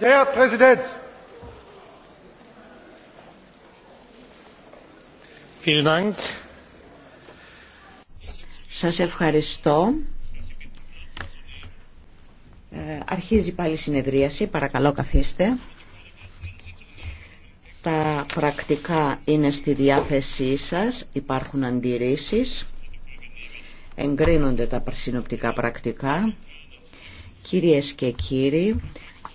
Der Präsident! Vielen Dank. Σας ευχαριστώ. Ε, αρχίζει πάλι η συνεδρίαση. Παρακαλώ καθίστε. Τα πρακτικά είναι στη διάθεσή σας. Υπάρχουν αντιρρήσεις. Εγκρίνονται τα συνοπτικά πρακτικά. Κυρίες και κύριοι,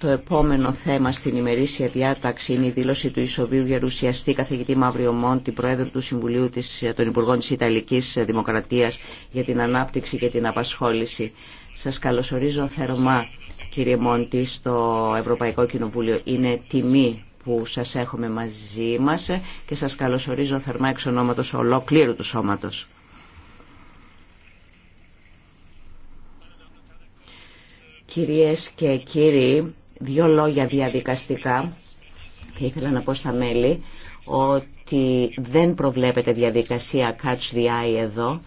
το επόμενο θέμα στην ημερήσια διάταξη είναι η δήλωση του Ισοβίου Γερουσιαστή καθηγητή Μόντι, Πρόεδρου του Συμβουλίου της, των Υπουργών της Ιταλικής Δημοκρατίας για την ανάπτυξη και την απασχόληση. Σας καλωσορίζω θερμά κύριε Μόντι στο Ευρωπαϊκό Κοινοβούλιο. Είναι τιμή που σας έχουμε μαζί μας και σας καλωσορίζω θερμά εξ ονόματος ολόκληρου του σώματος. Κυρίες και κύριοι, Δύο λόγια διαδικαστικά. και ήθελα να πω στα μέλη ότι δεν προβλέπεται διαδικασία catch the eye εδώ,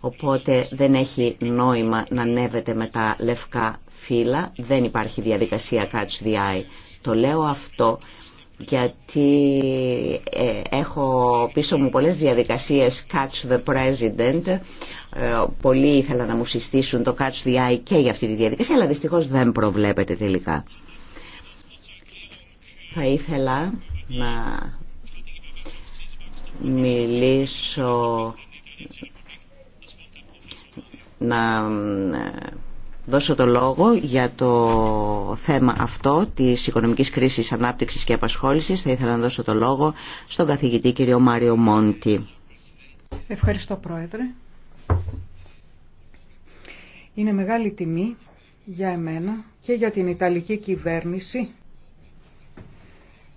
οπότε δεν έχει νόημα να ανέβετε με τα λευκά φύλλα, δεν υπάρχει διαδικασία catch the eye. Το λέω αυτό γιατί ε, έχω πίσω μου πολλές διαδικασίες Catch the President. Ε, πολλοί ήθελα να μου συστήσουν το Catch the Eye και για αυτή τη διαδικασία, αλλά δυστυχώς δεν προβλέπεται τελικά. Θα ήθελα να μιλήσω να ε, δώσω το λόγο για το θέμα αυτό της οικονομικής κρίσης ανάπτυξης και απασχόλησης. Θα ήθελα να δώσω το λόγο στον καθηγητή κύριο Μάριο Μόντι. Ευχαριστώ Πρόεδρε. Είναι μεγάλη τιμή για εμένα και για την Ιταλική κυβέρνηση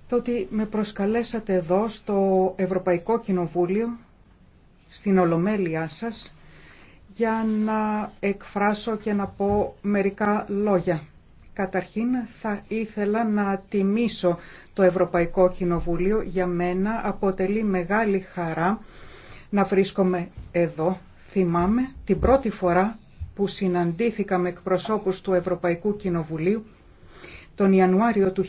το ότι με προσκαλέσατε εδώ στο Ευρωπαϊκό Κοινοβούλιο στην Ολομέλειά σας για να εκφράσω και να πω μερικά λόγια. Καταρχήν θα ήθελα να τιμήσω το Ευρωπαϊκό Κοινοβούλιο. Για μένα αποτελεί μεγάλη χαρά να βρίσκομαι εδώ. Θυμάμαι την πρώτη φορά που συναντήθηκα με εκπροσώπους του Ευρωπαϊκού Κοινοβουλίου τον Ιανουάριο του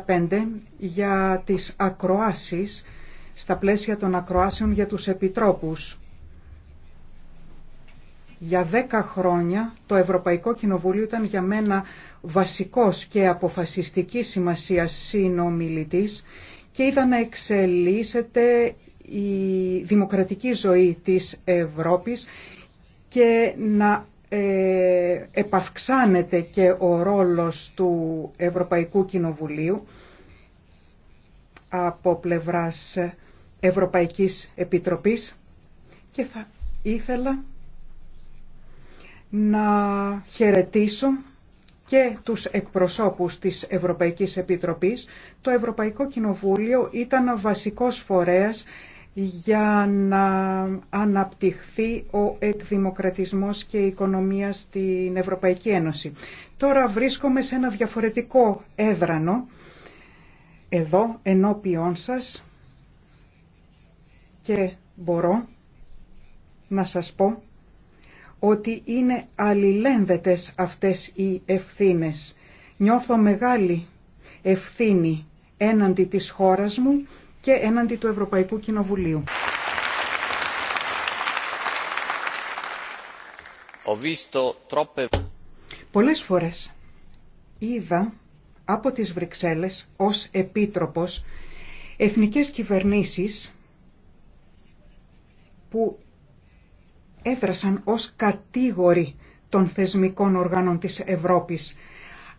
1995 για τις ακροάσεις στα πλαίσια των ακροάσεων για τους επιτρόπους για δέκα χρόνια το Ευρωπαϊκό Κοινοβούλιο ήταν για μένα βασικός και αποφασιστική σημασία συνομιλητής και ήταν να εξελίσσεται η δημοκρατική ζωή της Ευρώπης και να ε, επαυξάνεται και ο ρόλος του Ευρωπαϊκού Κοινοβουλίου από πλευράς Ευρωπαϊκής Επιτροπής και θα ήθελα να χαιρετήσω και τους εκπροσώπους της Ευρωπαϊκής Επιτροπής. Το Ευρωπαϊκό Κοινοβούλιο ήταν ο βασικός φορέας για να αναπτυχθεί ο εκδημοκρατισμός και η οικονομία στην Ευρωπαϊκή Ένωση. Τώρα βρίσκομαι σε ένα διαφορετικό έδρανο, εδώ ενώπιόν σας και μπορώ να σας πω ότι είναι αλληλένδετες αυτές οι ευθύνες. Νιώθω μεγάλη ευθύνη έναντι της χώρας μου και έναντι του Ευρωπαϊκού Κοινοβουλίου. Πολλές φορές είδα από τις Βρυξέλλες ως επίτροπος εθνικές κυβερνήσεις που έδρασαν ως κατήγοροι των θεσμικών οργάνων της Ευρώπης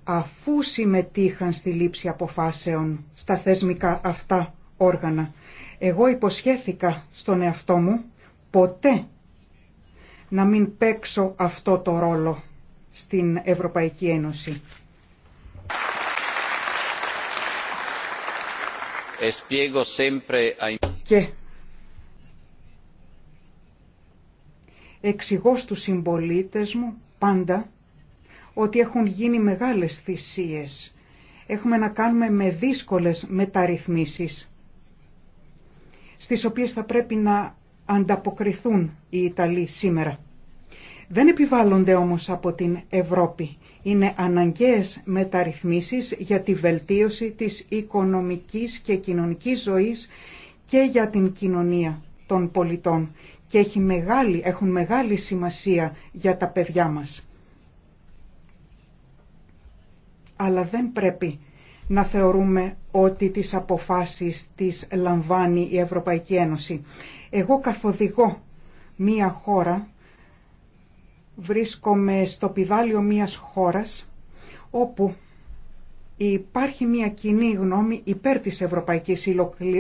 αφού συμμετείχαν στη λήψη αποφάσεων στα θεσμικά αυτά όργανα. Εγώ υποσχέθηκα στον εαυτό μου ποτέ να μην παίξω αυτό το ρόλο στην Ευρωπαϊκή Ένωση. E Και εξηγώ στους συμπολίτε μου πάντα ότι έχουν γίνει μεγάλες θυσίες. Έχουμε να κάνουμε με δύσκολες μεταρρυθμίσεις, στις οποίες θα πρέπει να ανταποκριθούν οι Ιταλοί σήμερα. Δεν επιβάλλονται όμως από την Ευρώπη. Είναι αναγκαίες μεταρρυθμίσεις για τη βελτίωση της οικονομικής και κοινωνικής ζωής και για την κοινωνία των πολιτών και έχουν μεγάλη σημασία για τα παιδιά μας. Αλλά δεν πρέπει να θεωρούμε ότι τις αποφάσεις τις λαμβάνει η Ευρωπαϊκή Ένωση. Εγώ καθοδηγώ μία χώρα, βρίσκομαι στο πιδάλιο μίας χώρας, όπου υπάρχει μια κοινή γνώμη υπέρ της ευρωπαϊκής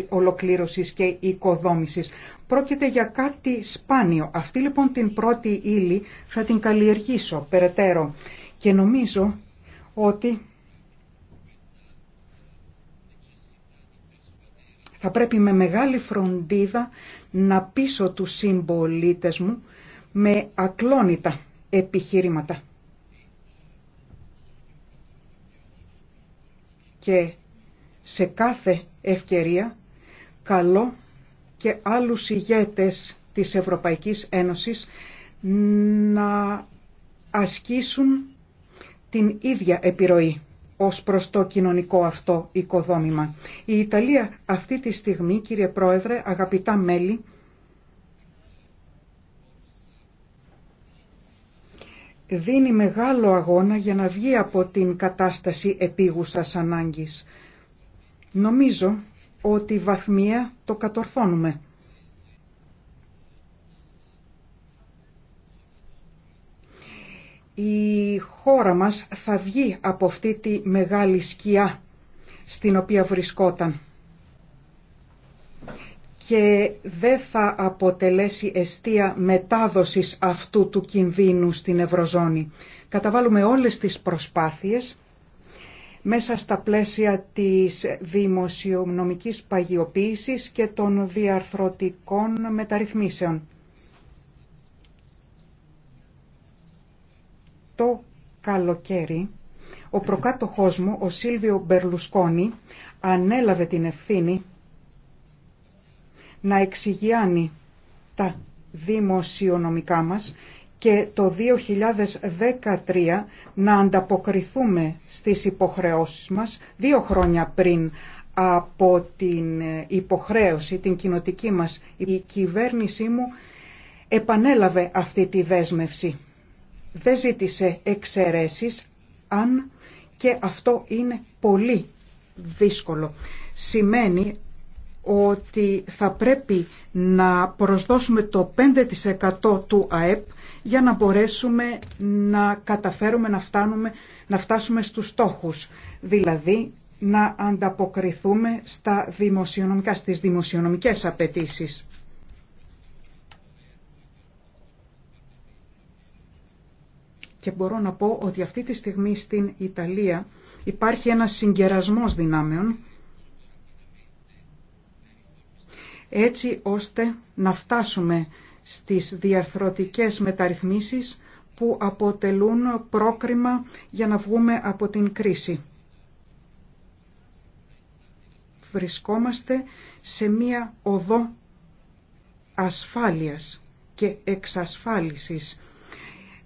ολοκλήρωσης και οικοδόμησης. Πρόκειται για κάτι σπάνιο. Αυτή λοιπόν την πρώτη ύλη θα την καλλιεργήσω περαιτέρω και νομίζω ότι θα πρέπει με μεγάλη φροντίδα να πείσω τους συμπολίτε μου με ακλόνητα επιχειρήματα. Και σε κάθε ευκαιρία καλό και άλλους ηγέτες της Ευρωπαϊκής Ένωσης να ασκήσουν την ίδια επιρροή ως προς το κοινωνικό αυτό οικοδόμημα. Η Ιταλία αυτή τη στιγμή, κύριε Πρόεδρε, αγαπητά μέλη, δίνει μεγάλο αγώνα για να βγει από την κατάσταση επίγουσας ανάγκης. Νομίζω ότι βαθμία το κατορθώνουμε. Η χώρα μας θα βγει από αυτή τη μεγάλη σκιά στην οποία βρισκόταν και δεν θα αποτελέσει αιστεία μετάδοσης αυτού του κινδύνου στην Ευρωζώνη. Καταβάλουμε όλες τις προσπάθειες μέσα στα πλαίσια της δημοσιονομικής παγιοποίησης και των διαρθρωτικών μεταρρυθμίσεων. Το καλοκαίρι, ο προκάτοχός μου, ο Σίλβιο Μπερλουσκόνη, ανέλαβε την ευθύνη να εξηγιάνει τα δημοσιονομικά μας και το 2013 να ανταποκριθούμε στις υποχρεώσεις μας δύο χρόνια πριν από την υποχρέωση, την κοινοτική μας. Η κυβέρνησή μου επανέλαβε αυτή τη δέσμευση. Δεν ζήτησε εξαιρέσεις, αν και αυτό είναι πολύ δύσκολο. Σημαίνει ότι θα πρέπει να προσδώσουμε το 5% του ΑΕΠ για να μπορέσουμε να καταφέρουμε να, φτάνουμε, να φτάσουμε στους στόχους, δηλαδή να ανταποκριθούμε στα δημοσιονομικά, στις δημοσιονομικές απαιτήσεις. Και μπορώ να πω ότι αυτή τη στιγμή στην Ιταλία υπάρχει ένας συγκερασμός δυνάμεων έτσι ώστε να φτάσουμε στις διαρθρωτικές μεταρρυθμίσεις που αποτελούν πρόκριμα για να βγούμε από την κρίση. Βρισκόμαστε σε μία οδό ασφάλειας και εξασφάλισης.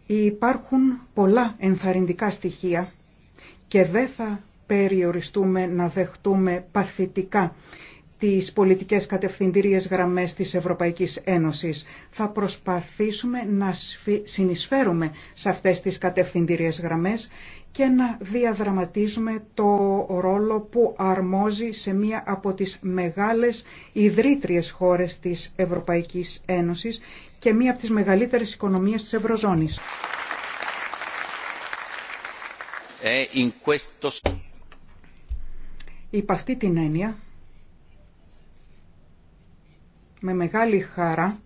Υπάρχουν πολλά ενθαρρυντικά στοιχεία και δεν θα περιοριστούμε να δεχτούμε παθητικά τις πολιτικές κατευθυντηρίες γραμμές της Ευρωπαϊκής Ένωσης. Θα προσπαθήσουμε να συνεισφέρουμε σε αυτές τις κατευθυντηρίες γραμμές και να διαδραματίζουμε το ρόλο που αρμόζει σε μία από τις μεγάλες ιδρύτριες χώρες της Ευρωπαϊκής Ένωσης και μία από τις μεγαλύτερες οικονομίες της Ευρωζώνης. Ε, in questo... Υπ' αυτή την έννοια, με μεγάλη χαρά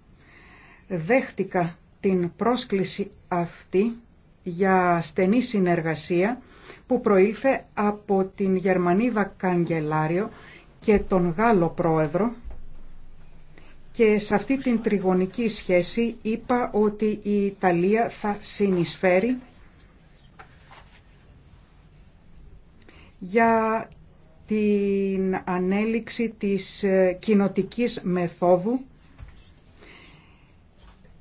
δέχτηκα την πρόσκληση αυτή για στενή συνεργασία που προήλθε από την Γερμανίδα Καγκελάριο και τον Γάλλο Πρόεδρο και σε αυτή την τριγωνική σχέση είπα ότι η Ιταλία θα συνεισφέρει για την ανέλυξη της ε, κοινοτικής μεθόδου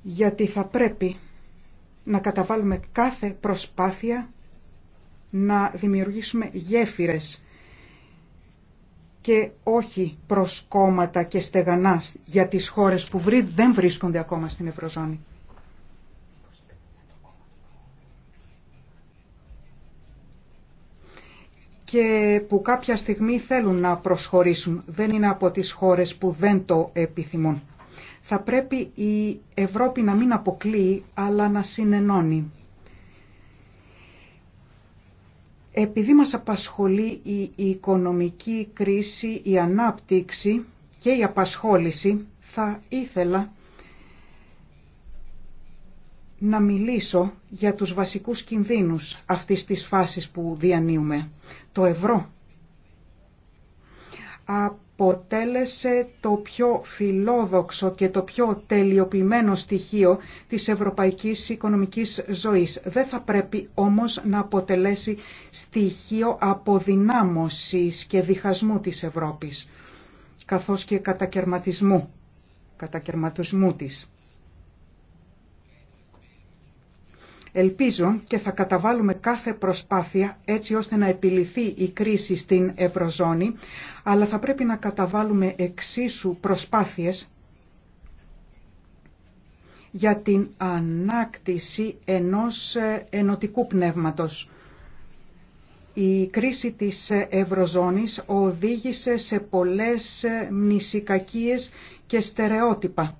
γιατί θα πρέπει να καταβάλουμε κάθε προσπάθεια να δημιουργήσουμε γέφυρες και όχι προσκόμματα και στεγανά για τις χώρες που δεν βρίσκονται ακόμα στην Ευρωζώνη. και που κάποια στιγμή θέλουν να προσχωρήσουν. Δεν είναι από τις χώρες που δεν το επιθυμούν. Θα πρέπει η Ευρώπη να μην αποκλείει, αλλά να συνενώνει. Επειδή μας απασχολεί η οικονομική κρίση, η ανάπτυξη και η απασχόληση, θα ήθελα να μιλήσω για τους βασικούς κινδύνους αυτής της φάσης που διανύουμε το ευρώ αποτέλεσε το πιο φιλόδοξο και το πιο τελειοποιημένο στοιχείο της ευρωπαϊκής οικονομικής ζωής. Δεν θα πρέπει όμως να αποτελέσει στοιχείο αποδυνάμωσης και διχασμού της Ευρώπης, καθώς και κατακαιρματισμού, κατακαιρματισμού της. Ελπίζω και θα καταβάλουμε κάθε προσπάθεια έτσι ώστε να επιληθεί η κρίση στην Ευρωζώνη, αλλά θα πρέπει να καταβάλουμε εξίσου προσπάθειες για την ανάκτηση ενός ε, ενωτικού πνεύματος. Η κρίση της ε, Ευρωζώνης οδήγησε σε πολλές ε, μνησικακίες και στερεότυπα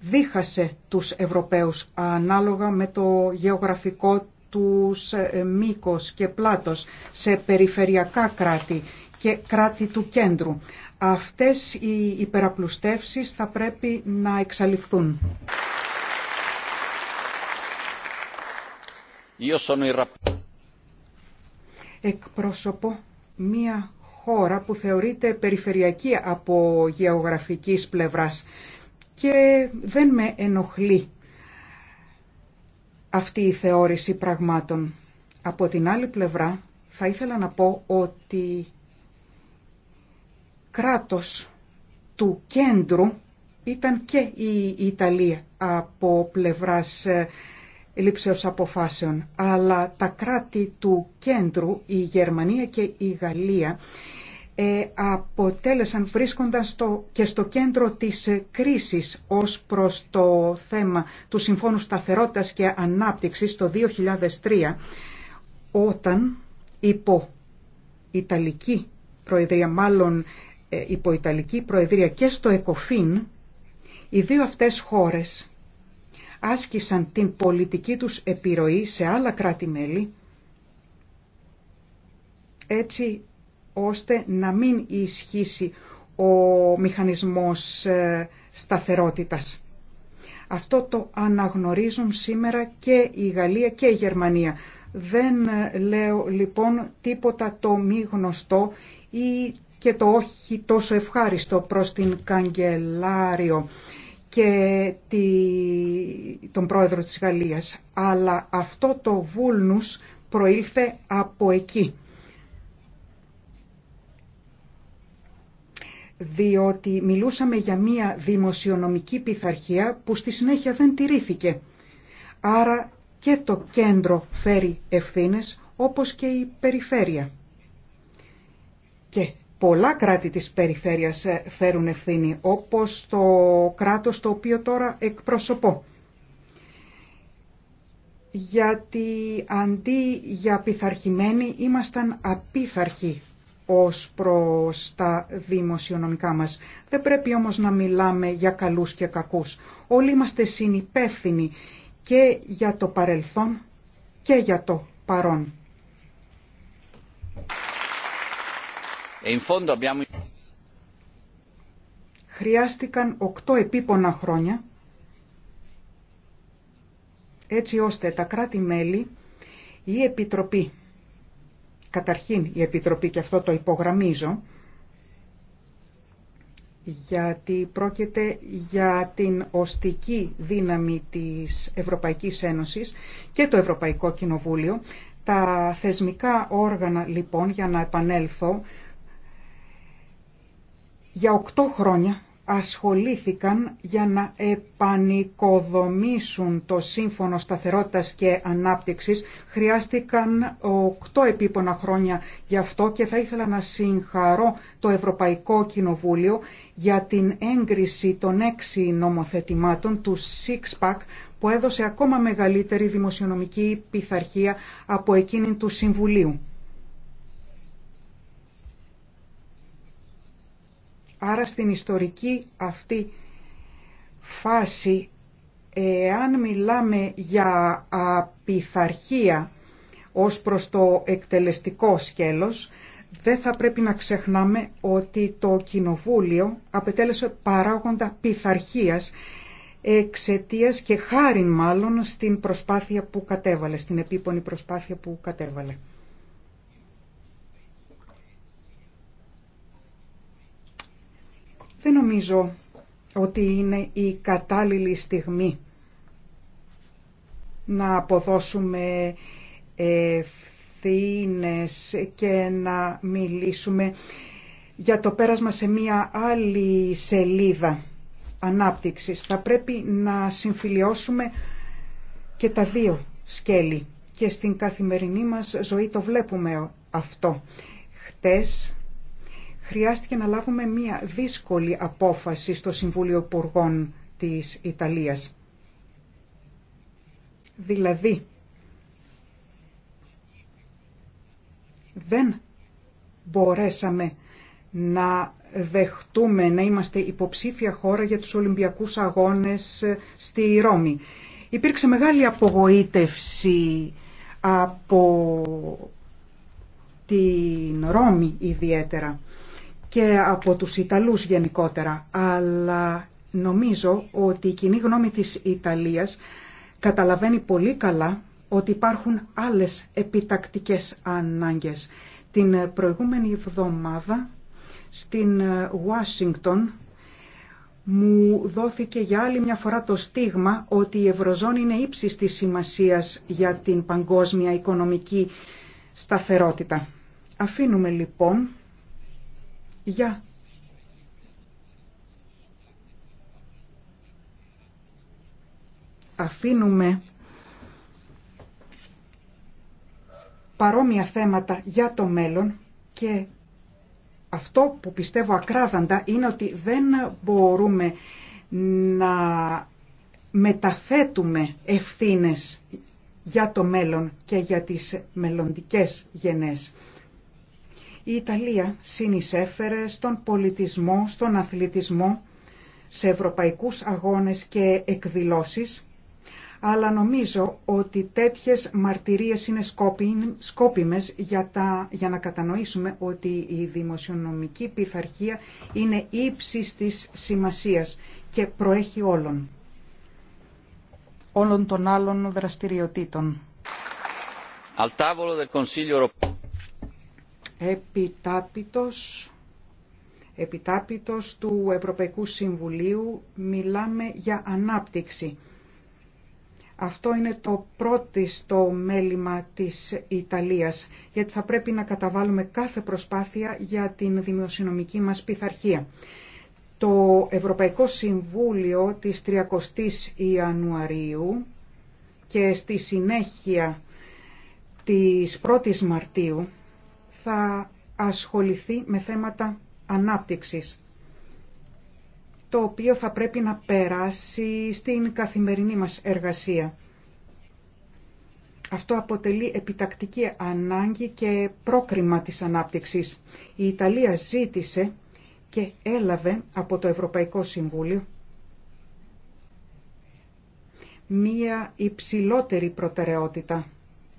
δίχασε τους Ευρωπαίους ανάλογα με το γεωγραφικό τους ε, μήκος και πλάτος σε περιφερειακά κράτη και κράτη του κέντρου. Αυτές οι υπεραπλουστεύσεις θα πρέπει να εξαλειφθούν. Εκπρόσωπο μία χώρα που θεωρείται περιφερειακή από γεωγραφικής πλευράς και δεν με ενοχλεί αυτή η θεώρηση πραγμάτων. Από την άλλη πλευρά θα ήθελα να πω ότι κράτος του κέντρου ήταν και η Ιταλία από πλευράς ε, λήψεως αποφάσεων. Αλλά τα κράτη του κέντρου, η Γερμανία και η Γαλλία, ε, αποτέλεσαν, βρίσκονταν και στο κέντρο της ε, κρίσης ως προς το θέμα του Συμφώνου Σταθερότητας και Ανάπτυξης το 2003, όταν υπό Ιταλική Προεδρία, μάλλον ε, Ιταλική Προεδρία και στο ΕΚΟΦΗΝ, οι δύο αυτές χώρες άσκησαν την πολιτική τους επιρροή σε άλλα κράτη-μέλη, έτσι ώστε να μην ισχύσει ο μηχανισμός ε, σταθερότητας. Αυτό το αναγνωρίζουν σήμερα και η Γαλλία και η Γερμανία. Δεν ε, λέω λοιπόν τίποτα το μη γνωστό ή και το όχι τόσο ευχάριστο προς την καγκελάριο και τον πρόεδρο της Γαλλίας. Αλλά αυτό το βούλνους προήλθε από εκεί. διότι μιλούσαμε για μία δημοσιονομική πειθαρχία που στη συνέχεια δεν τηρήθηκε. Άρα και το κέντρο φέρει ευθύνες όπως και η περιφέρεια. Και πολλά κράτη της περιφέρειας ε, φέρουν ευθύνη όπως το κράτος το οποίο τώρα εκπροσωπώ. Γιατί αντί για πειθαρχημένοι ήμασταν απίθαρχοι ως προς τα δημοσιονομικά μας. Δεν πρέπει όμως να μιλάμε για καλούς και κακούς. Όλοι είμαστε συνυπεύθυνοι και για το παρελθόν και για το παρόν. Ε, Χρειάστηκαν οκτώ επίπονα χρόνια έτσι ώστε τα κράτη-μέλη, η Επιτροπή Καταρχήν η Επιτροπή, και αυτό το υπογραμμίζω, γιατί πρόκειται για την οστική δύναμη της Ευρωπαϊκής Ένωσης και το Ευρωπαϊκό Κοινοβούλιο. Τα θεσμικά όργανα, λοιπόν, για να επανέλθω, για οκτώ χρόνια ασχολήθηκαν για να επανικοδομήσουν το Σύμφωνο Σταθερότητας και Ανάπτυξης. Χρειάστηκαν οκτώ επίπονα χρόνια γι' αυτό και θα ήθελα να συγχαρώ το Ευρωπαϊκό Κοινοβούλιο για την έγκριση των έξι νομοθετημάτων του Six που έδωσε ακόμα μεγαλύτερη δημοσιονομική πειθαρχία από εκείνη του Συμβουλίου. Άρα στην ιστορική αυτή φάση, εάν μιλάμε για απειθαρχία ως προς το εκτελεστικό σκέλος, δεν θα πρέπει να ξεχνάμε ότι το Κοινοβούλιο απετέλεσε παράγοντα πειθαρχία εξαιτία και χάρη μάλλον στην προσπάθεια που κατέβαλε, στην επίπονη προσπάθεια που κατέβαλε. νομίζω ότι είναι η κατάλληλη στιγμή να αποδώσουμε ευθύνες και να μιλήσουμε για το πέρασμα σε μία άλλη σελίδα ανάπτυξης. Θα πρέπει να συμφιλιώσουμε και τα δύο σκέλη και στην καθημερινή μας ζωή το βλέπουμε αυτό. Χτες χρειάστηκε να λάβουμε μία δύσκολη απόφαση στο Συμβούλιο Υπουργών της Ιταλίας. Δηλαδή, δεν μπορέσαμε να δεχτούμε να είμαστε υποψήφια χώρα για τους Ολυμπιακούς Αγώνες στη Ρώμη. Υπήρξε μεγάλη απογοήτευση από την Ρώμη ιδιαίτερα και από τους Ιταλούς γενικότερα, αλλά νομίζω ότι η κοινή γνώμη της Ιταλίας καταλαβαίνει πολύ καλά ότι υπάρχουν άλλες επιτακτικές ανάγκες. Την προηγούμενη εβδομάδα στην Ουάσιγκτον μου δόθηκε για άλλη μια φορά το στίγμα ότι η Ευρωζώνη είναι ύψης της σημασίας για την παγκόσμια οικονομική σταθερότητα. Αφήνουμε λοιπόν για αφήνουμε παρόμοια θέματα για το μέλλον και αυτό που πιστεύω ακράδαντα είναι ότι δεν μπορούμε να μεταθέτουμε ευθύνες για το μέλλον και για τις μελλοντικές γενές. Η Ιταλία συνεισέφερε στον πολιτισμό, στον αθλητισμό, σε ευρωπαϊκούς αγώνες και εκδηλώσεις, αλλά νομίζω ότι τέτοιες μαρτυρίες είναι σκόπιμες για, τα, να κατανοήσουμε ότι η δημοσιονομική πειθαρχία είναι ύψης της σημασίας και προέχει όλων, όλων των άλλων δραστηριοτήτων επιτάπητος, του Ευρωπαϊκού Συμβουλίου μιλάμε για ανάπτυξη. Αυτό είναι το πρώτο στο μέλημα της Ιταλίας, γιατί θα πρέπει να καταβάλουμε κάθε προσπάθεια για την δημοσιονομική μας πειθαρχία. Το Ευρωπαϊκό Συμβούλιο της 30ης Ιανουαρίου και στη συνέχεια της 1ης Μαρτίου θα ασχοληθεί με θέματα ανάπτυξης, το οποίο θα πρέπει να περάσει στην καθημερινή μας εργασία. Αυτό αποτελεί επιτακτική ανάγκη και πρόκριμα της ανάπτυξης. Η Ιταλία ζήτησε και έλαβε από το Ευρωπαϊκό Συμβούλιο μία υψηλότερη προτεραιότητα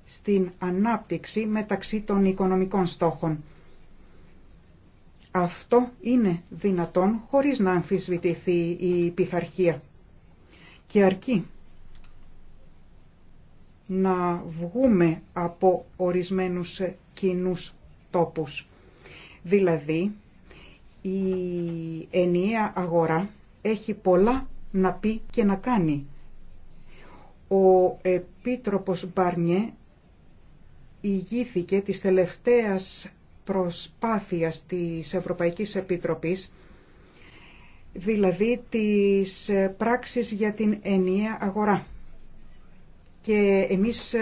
στην ανάπτυξη μεταξύ των οικονομικών στόχων. Αυτό είναι δυνατόν χωρίς να αμφισβητηθεί η πειθαρχία και αρκεί να βγούμε από ορισμένους κοινούς τόπους. Δηλαδή, η ενιαία αγορά έχει πολλά να πει και να κάνει. Ο Επίτροπος Μπάρνιε ηγήθηκε της τελευταίας προσπάθειας της Ευρωπαϊκής Επιτροπής, δηλαδή της πράξης για την ενιαία αγορά. Και εμείς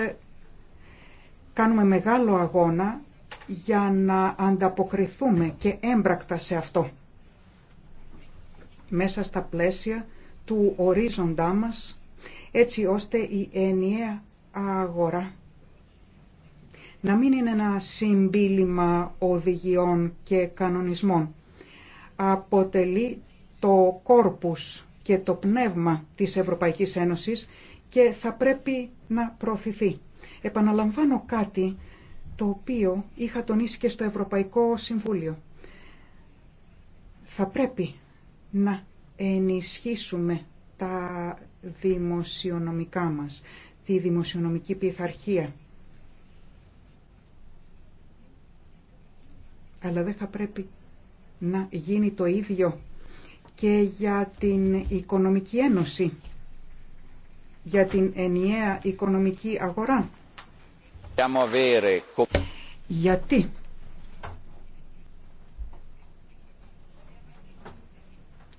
κάνουμε μεγάλο αγώνα για να ανταποκριθούμε και έμπρακτα σε αυτό μέσα στα πλαίσια του ορίζοντά μας έτσι ώστε η ενιαία αγορά να μην είναι ένα συμπίλημα οδηγιών και κανονισμών. Αποτελεί το κόρπους και το πνεύμα της Ευρωπαϊκής Ένωσης και θα πρέπει να προωθηθεί. Επαναλαμβάνω κάτι το οποίο είχα τονίσει και στο Ευρωπαϊκό Συμβούλιο. Θα πρέπει να ενισχύσουμε τα δημοσιονομικά μας, τη δημοσιονομική πειθαρχία αλλά δεν θα πρέπει να γίνει το ίδιο και για την Οικονομική Ένωση, για την ενιαία οικονομική αγορά. Γιατί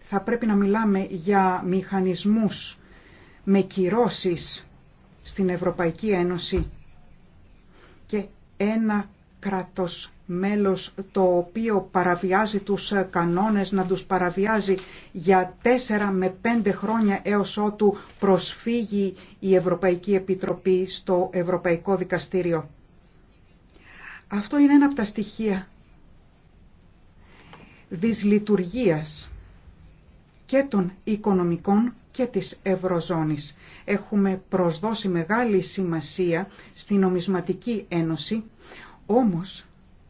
θα πρέπει να μιλάμε για μηχανισμούς με κυρώσεις στην Ευρωπαϊκή Ένωση και ένα κράτος μέλος το οποίο παραβιάζει τους κανόνες, να τους παραβιάζει για τέσσερα με πέντε χρόνια έως ότου προσφύγει η Ευρωπαϊκή Επιτροπή στο Ευρωπαϊκό Δικαστήριο. Αυτό είναι ένα από τα στοιχεία δυσλειτουργίας και των οικονομικών και της Ευρωζώνης. Έχουμε προσδώσει μεγάλη σημασία στην Νομισματική Ένωση, όμως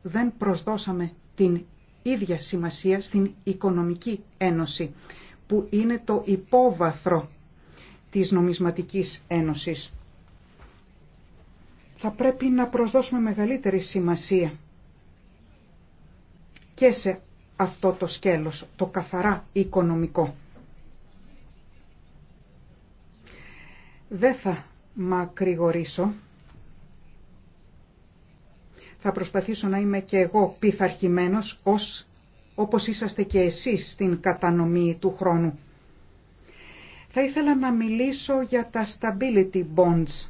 δεν προσδώσαμε την ίδια σημασία στην Οικονομική Ένωση, που είναι το υπόβαθρο της Νομισματικής Ένωσης. Θα πρέπει να προσδώσουμε μεγαλύτερη σημασία και σε αυτό το σκέλος, το καθαρά οικονομικό. Δεν θα μακρηγορήσω θα προσπαθήσω να είμαι και εγώ πειθαρχημένο ως όπως είσαστε και εσείς στην κατανομή του χρόνου. Θα ήθελα να μιλήσω για τα stability bonds,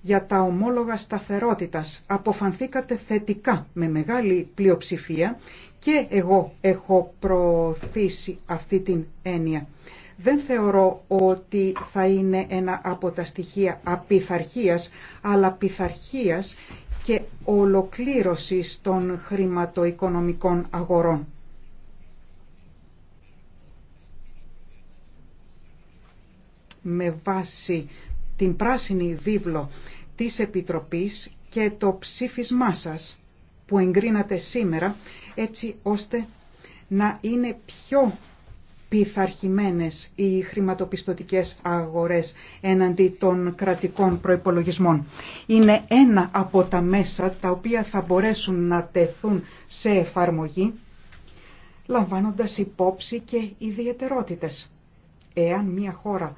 για τα ομόλογα σταθερότητας. Αποφανθήκατε θετικά με μεγάλη πλειοψηφία και εγώ έχω προωθήσει αυτή την έννοια. Δεν θεωρώ ότι θα είναι ένα από τα στοιχεία απειθαρχίας, αλλά πειθαρχίας και ολοκλήρωσης των χρηματοοικονομικών αγορών. Με βάση την πράσινη βίβλο της Επιτροπής και το ψήφισμά σας που εγκρίνατε σήμερα, έτσι ώστε να είναι πιο πειθαρχημένες οι χρηματοπιστωτικές αγορές έναντι των κρατικών προϋπολογισμών. Είναι ένα από τα μέσα τα οποία θα μπορέσουν να τεθούν σε εφαρμογή λαμβάνοντας υπόψη και ιδιαιτερότητες. Εάν μια χώρα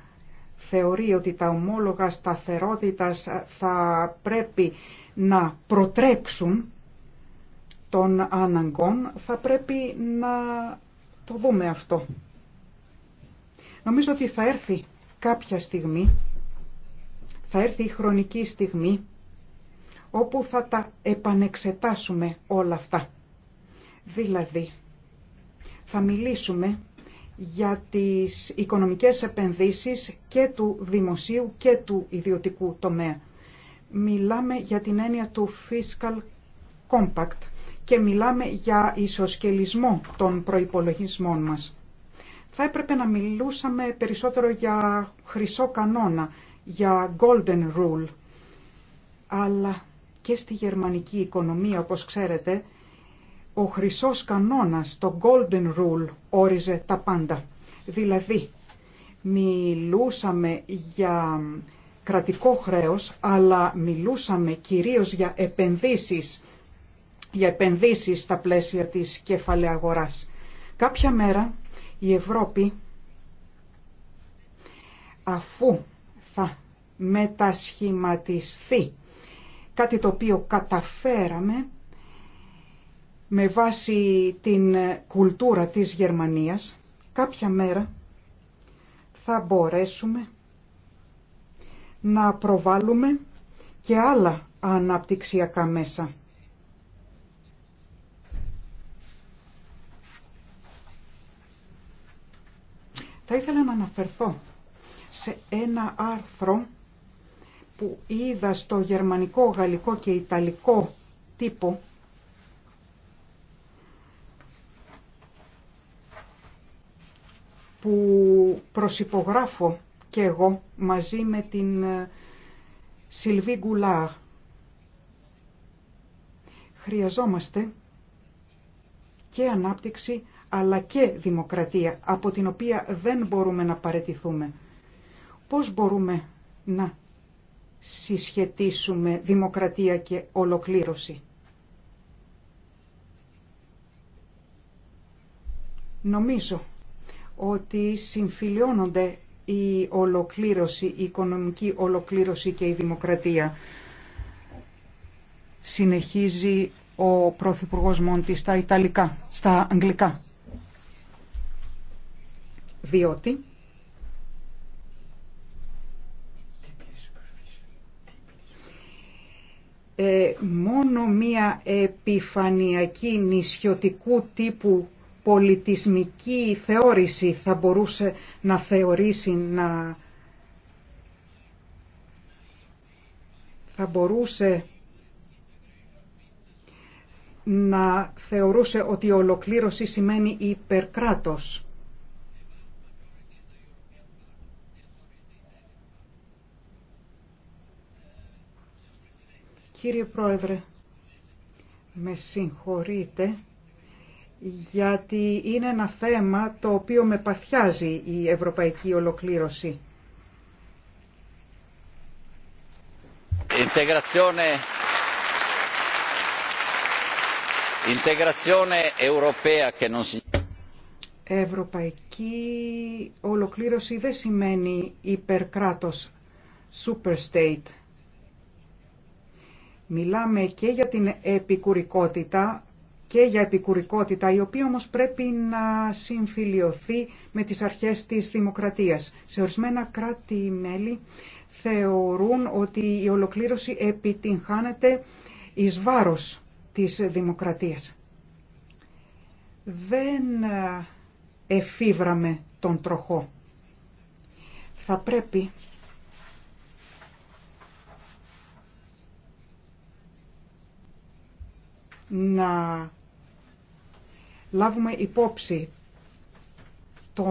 θεωρεί ότι τα ομόλογα σταθερότητας θα πρέπει να προτρέξουν των αναγκών, θα πρέπει να το δούμε αυτό. Νομίζω ότι θα έρθει κάποια στιγμή, θα έρθει η χρονική στιγμή όπου θα τα επανεξετάσουμε όλα αυτά. Δηλαδή, θα μιλήσουμε για τις οικονομικές επενδύσεις και του δημοσίου και του ιδιωτικού τομέα. Μιλάμε για την έννοια του fiscal compact και μιλάμε για ισοσκελισμό των προϋπολογισμών μας. Θα έπρεπε να μιλούσαμε περισσότερο για χρυσό κανόνα, για golden rule. Αλλά και στη γερμανική οικονομία, όπως ξέρετε, ο χρυσός κανόνας, το golden rule, όριζε τα πάντα. Δηλαδή, μιλούσαμε για κρατικό χρέος, αλλά μιλούσαμε κυρίως για επενδύσεις, για επενδύσεις στα πλαίσια της κεφαλαίου αγοράς. Κάποια μέρα η Ευρώπη αφού θα μετασχηματιστεί κάτι το οποίο καταφέραμε με βάση την κουλτούρα της Γερμανίας, κάποια μέρα θα μπορέσουμε να προβάλλουμε και άλλα αναπτυξιακά μέσα. Θα ήθελα να αναφερθώ σε ένα άρθρο που είδα στο γερμανικό, γαλλικό και ιταλικό τύπο που προσυπογράφω και εγώ μαζί με την ε, Σιλβί Γκουλάρ. Χρειαζόμαστε και ανάπτυξη αλλά και δημοκρατία, από την οποία δεν μπορούμε να παρετηθούμε. Πώς μπορούμε να συσχετίσουμε δημοκρατία και ολοκλήρωση. Νομίζω ότι συμφιλιώνονται η ολοκλήρωση, η οικονομική ολοκλήρωση και η δημοκρατία. Συνεχίζει ο Πρωθυπουργός Μόντι στα Ιταλικά, στα Αγγλικά διότι ε, μόνο μία επιφανειακή νησιωτικού τύπου πολιτισμική θεώρηση θα μπορούσε να θεωρήσει να θα μπορούσε να θεωρούσε ότι η ολοκλήρωση σημαίνει υπερκράτος. Κύριε Πρόεδρε, με συγχωρείτε γιατί είναι ένα θέμα το οποίο με παθιάζει η ευρωπαϊκή ολοκλήρωση. Ευρωπαϊκή ολοκλήρωση δεν σημαίνει υπερκράτος, super state. Μιλάμε και για την επικουρικότητα και για επικουρικότητα, η οποία όμως πρέπει να συμφιλειωθεί με τις αρχές της δημοκρατίας. Σε ορισμένα κράτη-μέλη θεωρούν ότι η ολοκλήρωση επιτυγχάνεται εις βάρος της δημοκρατίας. Δεν εφήβραμε τον τροχό. Θα πρέπει να λάβουμε υπόψη το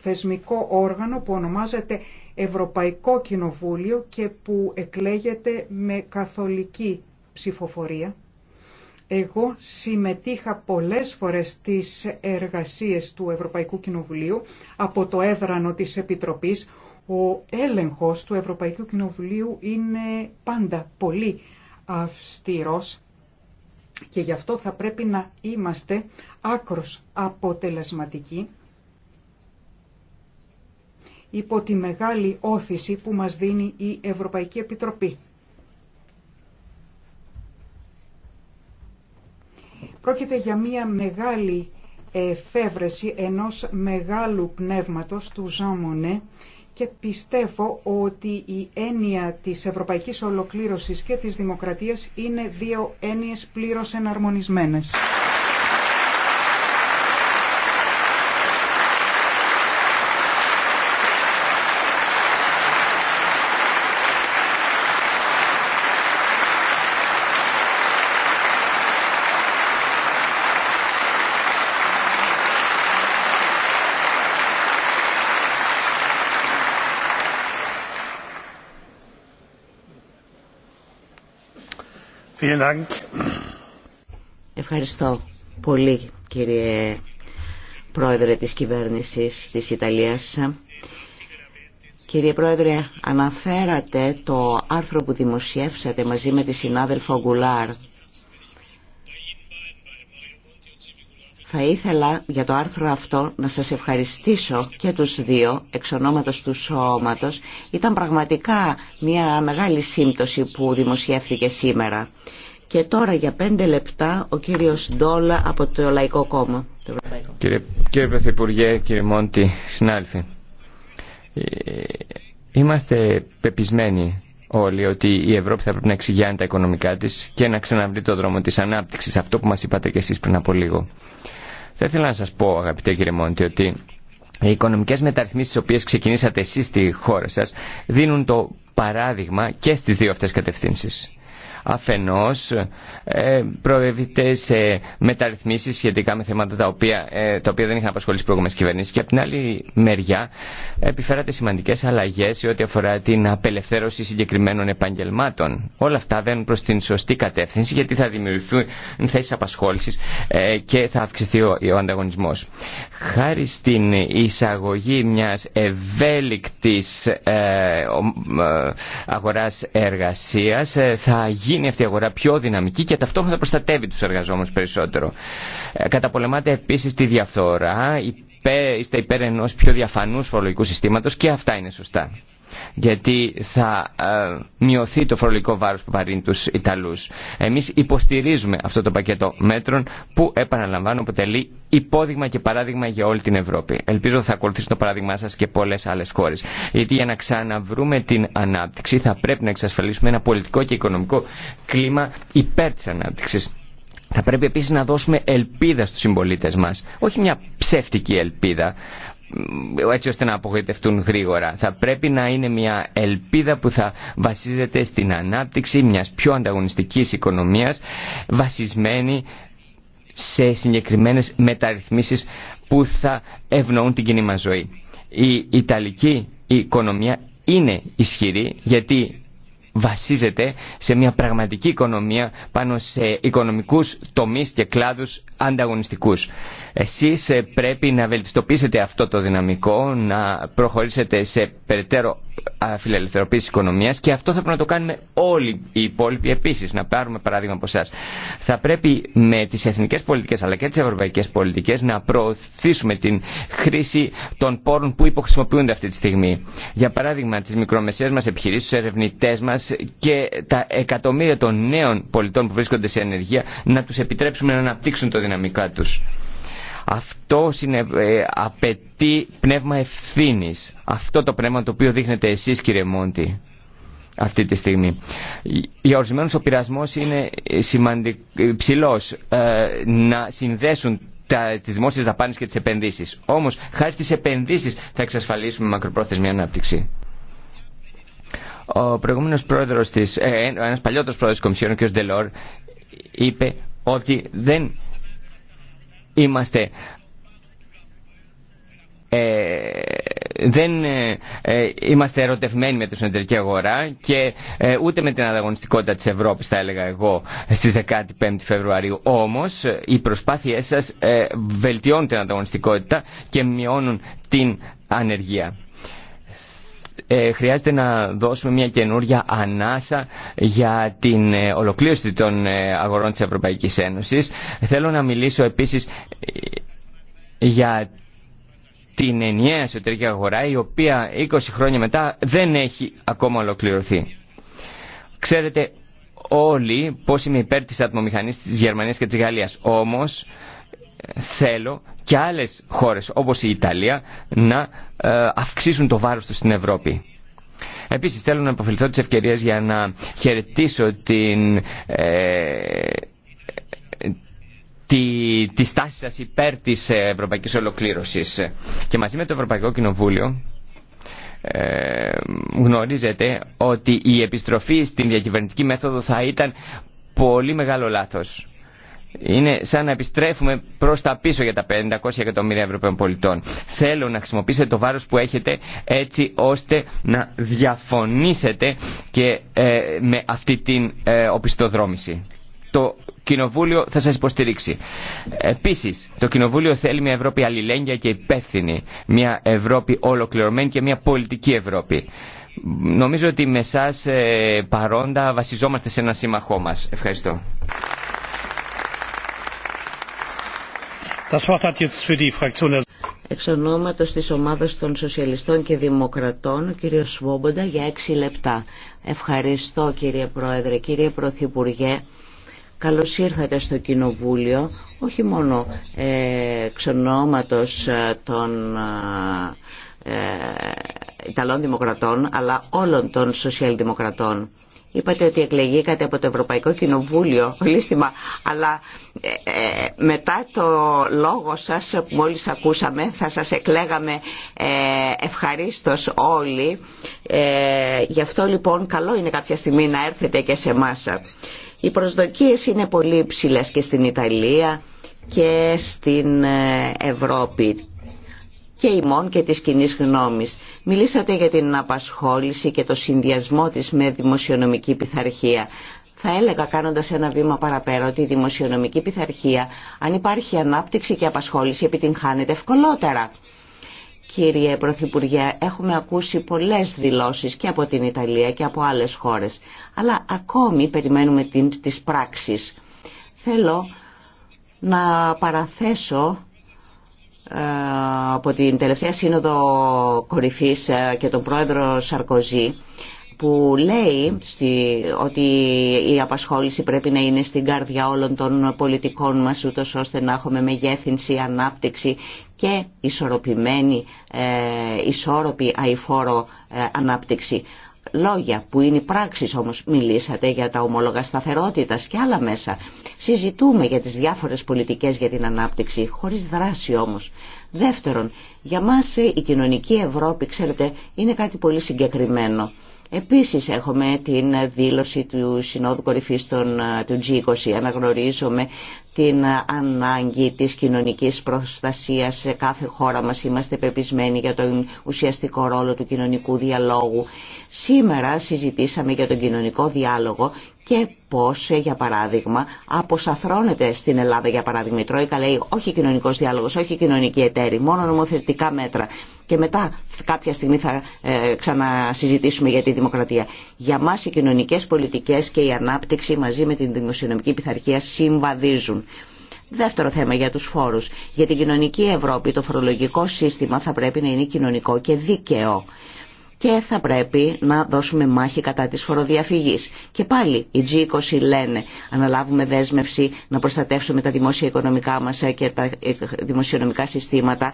θεσμικό όργανο που ονομάζεται Ευρωπαϊκό Κοινοβούλιο και που εκλέγεται με καθολική ψηφοφορία. Εγώ συμμετείχα πολλές φορές στις εργασίες του Ευρωπαϊκού Κοινοβουλίου από το έδρανο της Επιτροπής. Ο έλεγχος του Ευρωπαϊκού Κοινοβουλίου είναι πάντα πολύ αυστηρός και γι' αυτό θα πρέπει να είμαστε άκρος αποτελεσματικοί υπό τη μεγάλη όθηση που μας δίνει η Ευρωπαϊκή Επιτροπή. Πρόκειται για μια μεγάλη εφεύρεση ενός μεγάλου πνεύματος του Ζαμονέ και πιστεύω ότι η έννοια της ευρωπαϊκής ολοκλήρωσης και της δημοκρατίας είναι δύο έννοιες πλήρως εναρμονισμένες. Ευχαριστώ πολύ κύριε Πρόεδρε της Κυβέρνησης της Ιταλίας. Κύριε Πρόεδρε, αναφέρατε το άρθρο που δημοσιεύσατε μαζί με τη συνάδελφο Γκουλάρ Θα ήθελα για το άρθρο αυτό να σας ευχαριστήσω και τους δύο εξ ονόματος του σώματος. Ήταν πραγματικά μια μεγάλη σύμπτωση που δημοσιεύθηκε σήμερα. Και τώρα για πέντε λεπτά ο κύριος Ντόλα από το Λαϊκό Κόμμα. Κύριε, κύριε Πρωθυπουργέ, κύριε Μόντι, συνάλφη. Ε, είμαστε πεπισμένοι όλοι ότι η Ευρώπη θα πρέπει να εξηγιάνει τα οικονομικά της και να ξαναβρει το δρόμο της ανάπτυξης, αυτό που μας είπατε και εσείς πριν από λίγο. Θα ήθελα να σας πω αγαπητέ κύριε Μόντι ότι οι οικονομικές μεταρρυθμίσεις τις οποίες ξεκινήσατε εσείς στη χώρα σας δίνουν το παράδειγμα και στις δύο αυτές κατευθύνσεις αφενός ε, προεβείται σε μεταρρυθμίσεις σχετικά με θέματα τα οποία, ε, τα οποία δεν είχαν απασχολήσει προηγούμενες κυβερνήσεις και από την άλλη μεριά επιφέρατε σημαντικές αλλαγές σε ό,τι αφορά την απελευθέρωση συγκεκριμένων επαγγελμάτων. Όλα αυτά δένουν προς την σωστή κατεύθυνση γιατί θα δημιουργηθούν θέσεις απασχόλησης ε, και θα αυξηθεί ο ανταγωνισμός. Χάρη στην εισαγωγή μιας ευέλικτης αγοράς εργασίας θα γίνει αυτή η αγορά πιο δυναμική και ταυτόχρονα προστατεύει τους εργαζόμενους περισσότερο. Ε, καταπολεμάται επίσης τη διαφθορά, είστε υπέρ ενός πιο διαφανούς φορολογικού συστήματος και αυτά είναι σωστά γιατί θα ε, μειωθεί το φορολογικό βάρος που βαρύνει τους Ιταλούς. Εμείς υποστηρίζουμε αυτό το πακέτο μέτρων που επαναλαμβάνω αποτελεί υπόδειγμα και παράδειγμα για όλη την Ευρώπη. Ελπίζω θα ακολουθήσει το παράδειγμά σας και πολλές άλλες χώρες. Γιατί για να ξαναβρούμε την ανάπτυξη θα πρέπει να εξασφαλίσουμε ένα πολιτικό και οικονομικό κλίμα υπέρ της ανάπτυξης. Θα πρέπει επίσης να δώσουμε ελπίδα στους συμπολίτε μας, όχι μια ψεύτικη ελπίδα έτσι ώστε να απογοητευτούν γρήγορα. Θα πρέπει να είναι μια ελπίδα που θα βασίζεται στην ανάπτυξη μιας πιο ανταγωνιστικής οικονομίας βασισμένη σε συγκεκριμένες μεταρρυθμίσεις που θα ευνοούν την κοινή μας ζωή. Η Ιταλική οικονομία είναι ισχυρή γιατί βασίζεται σε μια πραγματική οικονομία πάνω σε οικονομικούς τομείς και κλάδους ανταγωνιστικούς. Εσείς ε, πρέπει να βελτιστοποιήσετε αυτό το δυναμικό, να προχωρήσετε σε περαιτέρω φιλελευθερωποίηση οικονομίας και αυτό θα πρέπει να το κάνουμε όλοι οι υπόλοιποι επίσης, να πάρουμε παράδειγμα από εσά. Θα πρέπει με τις εθνικές πολιτικές αλλά και τις ευρωπαϊκές πολιτικές να προωθήσουμε την χρήση των πόρων που υποχρησιμοποιούνται αυτή τη στιγμή. Για παράδειγμα, τις μικρομεσαίες μας επιχειρήσεις, τους ερευνητές και τα εκατομμύρια των νέων πολιτών που βρίσκονται σε ενεργεία να τους επιτρέψουμε να αναπτύξουν το δυναμικά τους. Αυτό ε, απαιτεί πνεύμα ευθύνης. Αυτό το πνεύμα το οποίο δείχνετε εσείς κύριε Μόντι αυτή τη στιγμή. Για ορισμένους ο πειρασμός είναι ψηλό ε, να συνδέσουν τα, τις δημόσιες δαπάνες και τις επενδύσεις. Όμως, χάρη στις επενδύσεις θα εξασφαλίσουμε μακροπρόθεσμη ανάπτυξη. Ο προηγούμενος πρόεδρος της, ε, ε, ένας παλιότερος πρόεδρος τη Κομισιόν, ο κ. Δελόρ, είπε ότι δεν είμαστε ε, δεν ε, είμαστε ερωτευμένοι με την εσωτερική αγορά και ούτε με την ανταγωνιστικότητα της Ευρώπης θα έλεγα εγώ στις 15 Φεβρουαρίου όμως οι προσπάθειές σας βελτιώνουν την ανταγωνιστικότητα και μειώνουν την ανεργία. Ε, χρειάζεται να δώσουμε μια καινούρια ανάσα για την ε, ολοκλήρωση των ε, αγορών της Ευρωπαϊκής Ένωσης. Θέλω να μιλήσω επίσης ε, για την ενιαία εσωτερική αγορά η οποία 20 χρόνια μετά δεν έχει ακόμα ολοκληρωθεί. Ξέρετε όλοι πώς είμαι υπέρ της ατμομηχανής της Γερμανίας και της Γαλλίας. Όμως θέλω και άλλες χώρες όπως η Ιταλία να ε, αυξήσουν το βάρος τους στην Ευρώπη. Επίσης θέλω να υποφελθώ τις ευκαιρίες για να χαιρετήσω την, ε, τη, τη στάση σας υπέρ της ευρωπαϊκής ολοκλήρωσης. Και μαζί με το Ευρωπαϊκό Κοινοβούλιο ε, γνωρίζετε ότι η επιστροφή στην διακυβερνητική μέθοδο θα ήταν πολύ μεγάλο λάθος. Είναι σαν να επιστρέφουμε προ τα πίσω για τα 500 εκατομμύρια Ευρωπαίων πολιτών. Θέλω να χρησιμοποιήσετε το βάρο που έχετε έτσι ώστε να διαφωνήσετε και ε, με αυτή την ε, οπισθοδρόμηση. Το Κοινοβούλιο θα σας υποστηρίξει. Επίσης, το Κοινοβούλιο θέλει μια Ευρώπη αλληλέγγυα και υπεύθυνη. Μια Ευρώπη ολοκληρωμένη και μια πολιτική Ευρώπη. Νομίζω ότι με εσά ε, παρόντα βασιζόμαστε σε ένα σύμμαχό μας. Ευχαριστώ. Εξ ονόματο της ομάδας των Σοσιαλιστών και Δημοκρατών, ο κύριο Σβόμποντα για έξι λεπτά. Ευχαριστώ κύριε Πρόεδρε, κύριε Πρωθυπουργέ. Καλώ ήρθατε στο Κοινοβούλιο, όχι μόνο ε, εξ ε, των ε, Ιταλών Δημοκρατών, αλλά όλων των Σοσιαλδημοκρατών. Είπατε ότι εκλεγήκατε από το Ευρωπαϊκό Κοινοβούλιο, αλλά ε, ε, μετά το λόγο σας που μόλις ακούσαμε θα σας εκλέγαμε ε, ευχαρίστως όλοι. Ε, γι' αυτό λοιπόν καλό είναι κάποια στιγμή να έρθετε και σε εμά. Οι προσδοκίες είναι πολύ ψηλές και στην Ιταλία και στην Ευρώπη και ημών και της κοινή γνώμης. Μιλήσατε για την απασχόληση και το συνδυασμό της με δημοσιονομική πειθαρχία. Θα έλεγα κάνοντας ένα βήμα παραπέρα ότι η δημοσιονομική πειθαρχία, αν υπάρχει ανάπτυξη και απασχόληση, επιτυγχάνεται ευκολότερα. Κύριε Πρωθυπουργέ, έχουμε ακούσει πολλές δηλώσεις και από την Ιταλία και από άλλες χώρες, αλλά ακόμη περιμένουμε την, τις πράξεις. Θέλω να παραθέσω ε, από την τελευταία σύνοδο κορυφής ε, και τον πρόεδρο Σαρκοζή που λέει ότι η απασχόληση πρέπει να είναι στην καρδιά όλων των πολιτικών μας ούτως ώστε να έχουμε μεγέθυνση, ανάπτυξη και ισορροπημένη, ε, ισόρροπη αηφόρο ε, ανάπτυξη λόγια που είναι οι πράξεις όμως μιλήσατε για τα ομόλογα σταθερότητας και άλλα μέσα. Συζητούμε για τις διάφορες πολιτικές για την ανάπτυξη, χωρίς δράση όμως. Δεύτερον, για μας ε, η κοινωνική Ευρώπη, ξέρετε, είναι κάτι πολύ συγκεκριμένο. Επίσης έχουμε την δήλωση του Συνόδου Κορυφής των, του G20. Αναγνωρίζουμε την ανάγκη της κοινωνικής προστασίας σε κάθε χώρα μας. Είμαστε πεπισμένοι για τον ουσιαστικό ρόλο του κοινωνικού διαλόγου. Σήμερα συζητήσαμε για τον κοινωνικό διάλογο και πώς, ε, για παράδειγμα, αποσαφρώνεται στην Ελλάδα, για παράδειγμα, η Τρόικα λέει όχι κοινωνικός διάλογος, όχι κοινωνική εταίρη, μόνο νομοθετικά μέτρα και μετά κάποια στιγμή θα ε, ξανασυζητήσουμε για τη δημοκρατία. Για μας οι κοινωνικές πολιτικές και η ανάπτυξη μαζί με την δημοσιονομική πειθαρχία συμβαδίζουν. Δεύτερο θέμα για τους φόρους. Για την κοινωνική Ευρώπη το φορολογικό σύστημα θα πρέπει να είναι κοινωνικό και δίκαιο και θα πρέπει να δώσουμε μάχη κατά της φοροδιαφυγής. Και πάλι οι G20 λένε αναλάβουμε δέσμευση να προστατεύσουμε τα δημόσια οικονομικά μας ε, και τα ε, δημοσιονομικά συστήματα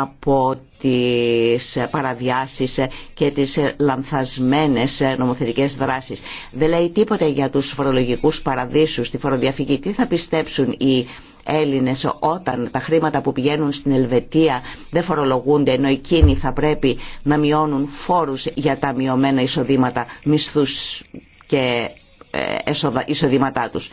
από τις παραβιάσεις ε, και τις λανθασμένες νομοθετικές δράσεις. Δεν λέει τίποτα για τους φορολογικούς παραδείσους, τη φοροδιαφυγή. Τι θα πιστέψουν οι Έλληνες όταν τα χρήματα που πηγαίνουν στην Ελβετία δεν φορολογούνται ενώ εκείνοι θα πρέπει να μειώνουν φόρους για τα μειωμένα εισοδήματα, μισθούς και ε, εισοδήματά τους.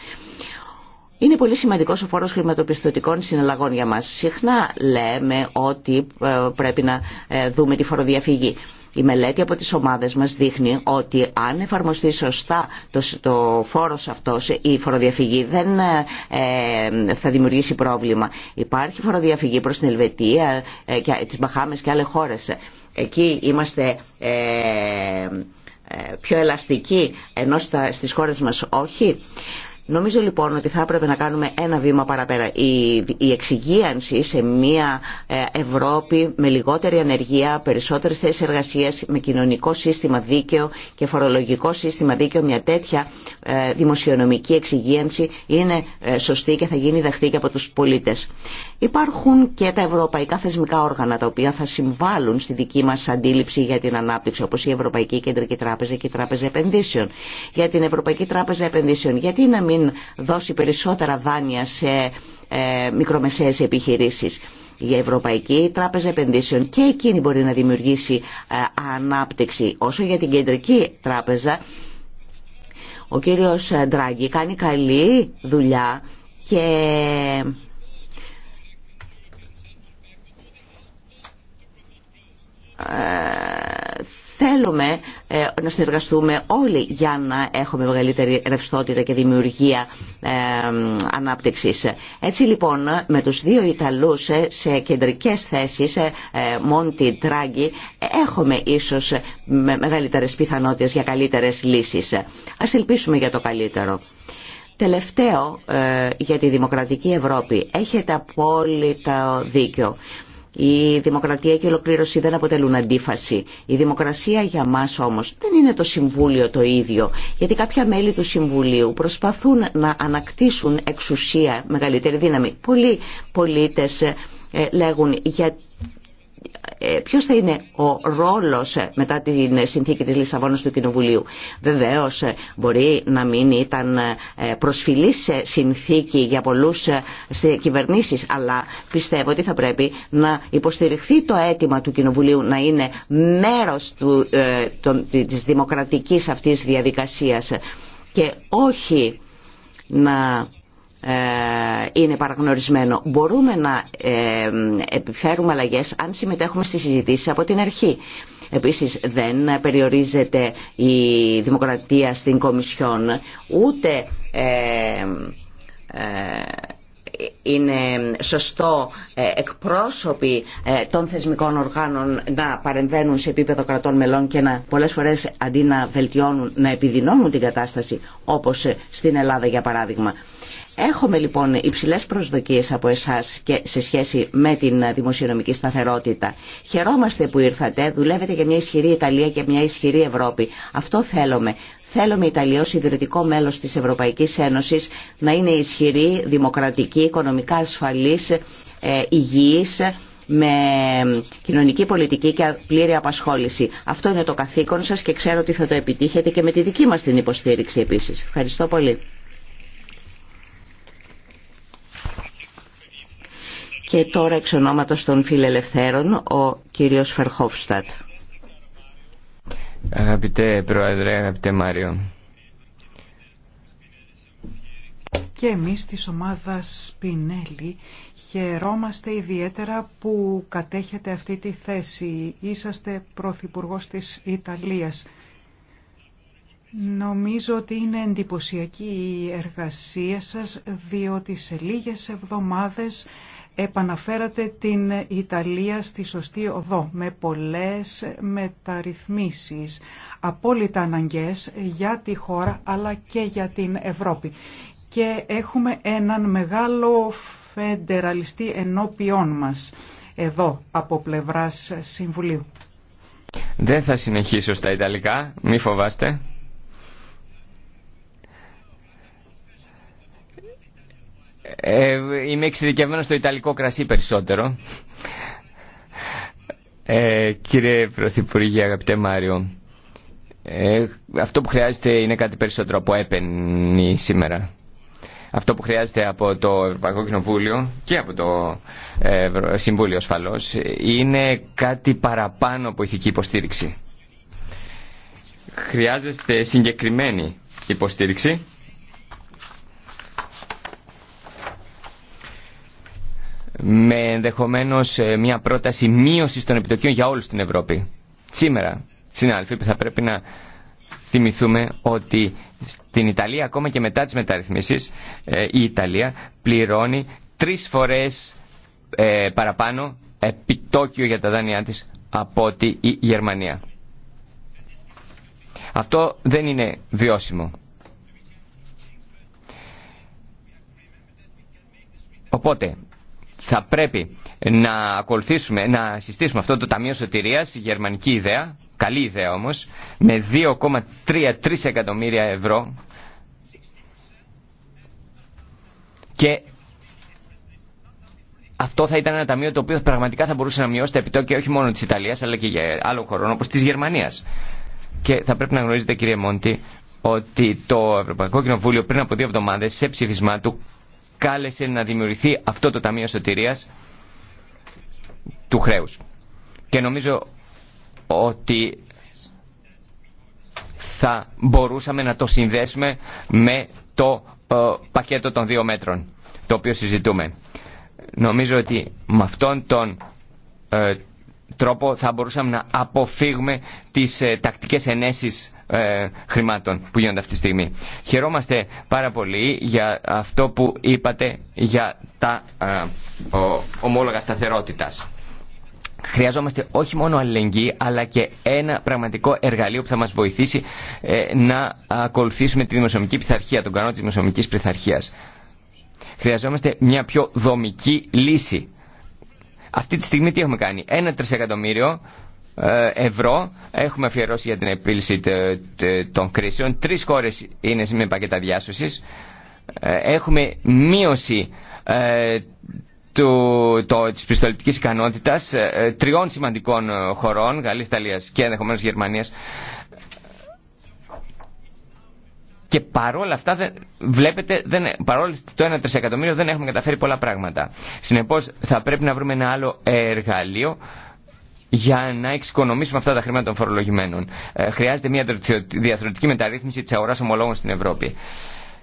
Είναι πολύ σημαντικό ο φόρο χρηματοπιστωτικών συναλλαγών για μα. Συχνά λέμε ότι ε, πρέπει να ε, δούμε τη φοροδιαφυγή. Η μελέτη από τις ομάδες μας δείχνει ότι αν εφαρμοστεί σωστά το, το φόρος αυτός, η φοροδιαφυγή δεν ε, ε, θα δημιουργήσει πρόβλημα. Υπάρχει φοροδιαφυγή προς την Ελβετία, ε, και, τις Μπαχάμες και άλλες χώρες. Εκεί είμαστε... πιο ελαστικοί ενώ στα, στις χώρες μας όχι. Νομίζω λοιπόν ότι θα έπρεπε να κάνουμε ένα βήμα παραπέρα. Η, η εξυγίανση σε μια ε, Ευρώπη με λιγότερη ανεργία, περισσότερε θέσει εργασία, με κοινωνικό σύστημα δίκαιο και φορολογικό σύστημα δίκαιο, μια τέτοια ε, δημοσιονομική εξυγίανση είναι ε, σωστή και θα γίνει δεχτή και από του πολίτε. Υπάρχουν και τα ευρωπαϊκά θεσμικά όργανα τα οποία θα συμβάλλουν στη δική μα αντίληψη για την ανάπτυξη, όπω η Ευρωπαϊκή Κεντρική Τράπεζα και η Τράπεζα Επενδύσεων. Για την Ευρωπαϊκή Τράπεζα Επενδύσεων, γιατί να μην μην δώσει περισσότερα δάνεια σε ε, μικρομεσαίες επιχειρήσεις. Η Ευρωπαϊκή Τράπεζα Επενδύσεων και εκείνη μπορεί να δημιουργήσει ε, ανάπτυξη. Όσο για την Κεντρική Τράπεζα, ο κύριος ε, Ντράγκη κάνει καλή δουλειά και ε, Θέλουμε ε, να συνεργαστούμε όλοι για να έχουμε μεγαλύτερη ρευστότητα και δημιουργία ε, ανάπτυξης. Έτσι λοιπόν με τους δύο Ιταλούς σε κεντρικές θέσεις, Μόντι, ε, Τράγκη, έχουμε ίσως μεγαλύτερες πιθανότητες για καλύτερες λύσεις. Ας ελπίσουμε για το καλύτερο. Τελευταίο για τη Δημοκρατική Ευρώπη. Έχετε απόλυτα δίκιο. Η δημοκρατία και η ολοκλήρωση δεν αποτελούν αντίφαση. Η δημοκρασία για μας όμως δεν είναι το Συμβούλιο το ίδιο, γιατί κάποια μέλη του Συμβουλίου προσπαθούν να ανακτήσουν εξουσία, μεγαλύτερη δύναμη. Πολλοί πολίτες ε, λέγουν γιατί ε, ποιος θα είναι ο ρόλος ε, μετά την συνθήκη της Λισαβόνας του Κοινοβουλίου. Βεβαίως ε, μπορεί να μην ήταν προσφυλής συνθήκη για πολλούς κυβερνήσεις, αλλά πιστεύω ότι θα πρέπει να υποστηριχθεί το αίτημα του Κοινοβουλίου να είναι μέρος του, της δημοκρατικής αυτής διαδικασίας και όχι να ε, είναι παραγνωρισμένο. Μπορούμε να ε, επιφέρουμε αλλαγές αν συμμετέχουμε στις συζητήσεις από την αρχή. Επίσης δεν περιορίζεται η δημοκρατία στην Κομισιόν, ούτε ε, είναι σωστό εκπρόσωποι των θεσμικών οργάνων να παρεμβαίνουν σε επίπεδο κρατών μελών και να πολλές φορές αντί να βελτιώνουν να επιδεινώνουν την κατάσταση όπως στην Ελλάδα για παράδειγμα. Έχουμε λοιπόν υψηλές προσδοκίες από εσάς και σε σχέση με την δημοσιονομική σταθερότητα. Χαιρόμαστε που ήρθατε, δουλεύετε για μια ισχυρή Ιταλία και μια ισχυρή Ευρώπη. Αυτό θέλουμε. Θέλουμε η Ιταλία ως ιδρυτικό μέλος της Ευρωπαϊκής Ένωσης να είναι ισχυρή, δημοκρατική, οικονομικά ασφαλής, ε, υγιής, με κοινωνική πολιτική και πλήρη απασχόληση. Αυτό είναι το καθήκον σας και ξέρω ότι θα το επιτύχετε και με τη δική μας την υποστήριξη επίσης. Ευχαριστώ πολύ. Και τώρα εξ ονόματος των φιλελευθέρων ο κύριος Φερχόφστατ. Αγαπητέ Πρόεδρε, αγαπητέ Μάριο. Και εμείς της ομάδας Σπινέλη χαιρόμαστε ιδιαίτερα που κατέχετε αυτή τη θέση. Είσαστε Πρωθυπουργός της Ιταλίας. Νομίζω ότι είναι εντυπωσιακή η εργασία σας, διότι σε λίγες εβδομάδες επαναφέρατε την Ιταλία στη σωστή οδό με πολλές μεταρρυθμίσεις απόλυτα αναγκές για τη χώρα αλλά και για την Ευρώπη. Και έχουμε έναν μεγάλο φεντεραλιστή ενώπιόν μας εδώ από πλευράς Συμβουλίου. Δεν θα συνεχίσω στα Ιταλικά, μη φοβάστε. Ε, είμαι εξειδικευμένο στο Ιταλικό κρασί περισσότερο. Ε, κύριε Πρωθυπουργέ, αγαπητέ Μάριο, ε, αυτό που χρειάζεται είναι κάτι περισσότερο από έπαινη σήμερα. Αυτό που χρειάζεται από το Ευρωπαϊκό Κοινοβούλιο και από το ε, Συμβούλιο ασφαλώ είναι κάτι παραπάνω από ηθική υποστήριξη. Χρειάζεστε συγκεκριμένη υποστήριξη με ενδεχομένω ε, μια πρόταση μείωση των επιτοκίων για όλου στην Ευρώπη. Σήμερα, συνάδελφοι, θα πρέπει να θυμηθούμε ότι στην Ιταλία, ακόμα και μετά τις μεταρρυθμίσεις, ε, η Ιταλία πληρώνει τρεις φορές ε, παραπάνω επιτόκιο για τα δάνειά της από ότι η Γερμανία. Αυτό δεν είναι βιώσιμο. Οπότε, θα πρέπει να ακολουθήσουμε, να συστήσουμε αυτό το Ταμείο Σωτηρίας, η γερμανική ιδέα, καλή ιδέα όμως, με 2,33 εκατομμύρια ευρώ και αυτό θα ήταν ένα ταμείο το οποίο πραγματικά θα μπορούσε να μειώσει τα επιτόκια όχι μόνο της Ιταλίας αλλά και για άλλων χωρών όπως της Γερμανίας. Και θα πρέπει να γνωρίζετε κύριε Μόντι ότι το Ευρωπαϊκό Κοινοβούλιο πριν από δύο εβδομάδες σε ψηφισμά του κάλεσε να δημιουργηθεί αυτό το Ταμείο Σωτηρίας του χρέους. Και νομίζω ότι θα μπορούσαμε να το συνδέσουμε με το ε, πακέτο των δύο μέτρων, το οποίο συζητούμε. Νομίζω ότι με αυτόν τον ε, τρόπο θα μπορούσαμε να αποφύγουμε τις ε, τακτικές ενέσεις ε, χρημάτων που γίνονται αυτή τη στιγμή. Χαιρόμαστε πάρα πολύ για αυτό που είπατε για τα ε, ο, ομόλογα σταθερότητας. Χρειαζόμαστε όχι μόνο αλληλεγγύη, αλλά και ένα πραγματικό εργαλείο που θα μας βοηθήσει ε, να ακολουθήσουμε τη δημοσιονομική πειθαρχία, τον κανόνα της δημοσιονομικής πειθαρχίας. Χρειαζόμαστε μια πιο δομική λύση. Αυτή τη στιγμή τι έχουμε κάνει. Ένα τρισεκατομμύριο ε, ευρώ έχουμε αφιερώσει για την επίλυση των κρίσεων. Τρεις χώρες είναι με πακέτα διάσωσης. Ε, έχουμε μείωση ε, της πιστοληπτικής ικανότητας τριών σημαντικών χωρών, Γαλλίας, Ιταλίας και ενδεχομένως Γερμανίας. Και παρόλα αυτά, δεν, βλέπετε, δεν, παρόλο το 1 τρισεκατομμύριο δεν έχουμε καταφέρει πολλά πράγματα. Συνεπώς θα πρέπει να βρούμε ένα άλλο εργαλείο για να εξοικονομήσουμε αυτά τα χρήματα των φορολογημένων. Ε, χρειάζεται μια διαθροτική μεταρρύθμιση της αγοράς ομολόγων στην Ευρώπη.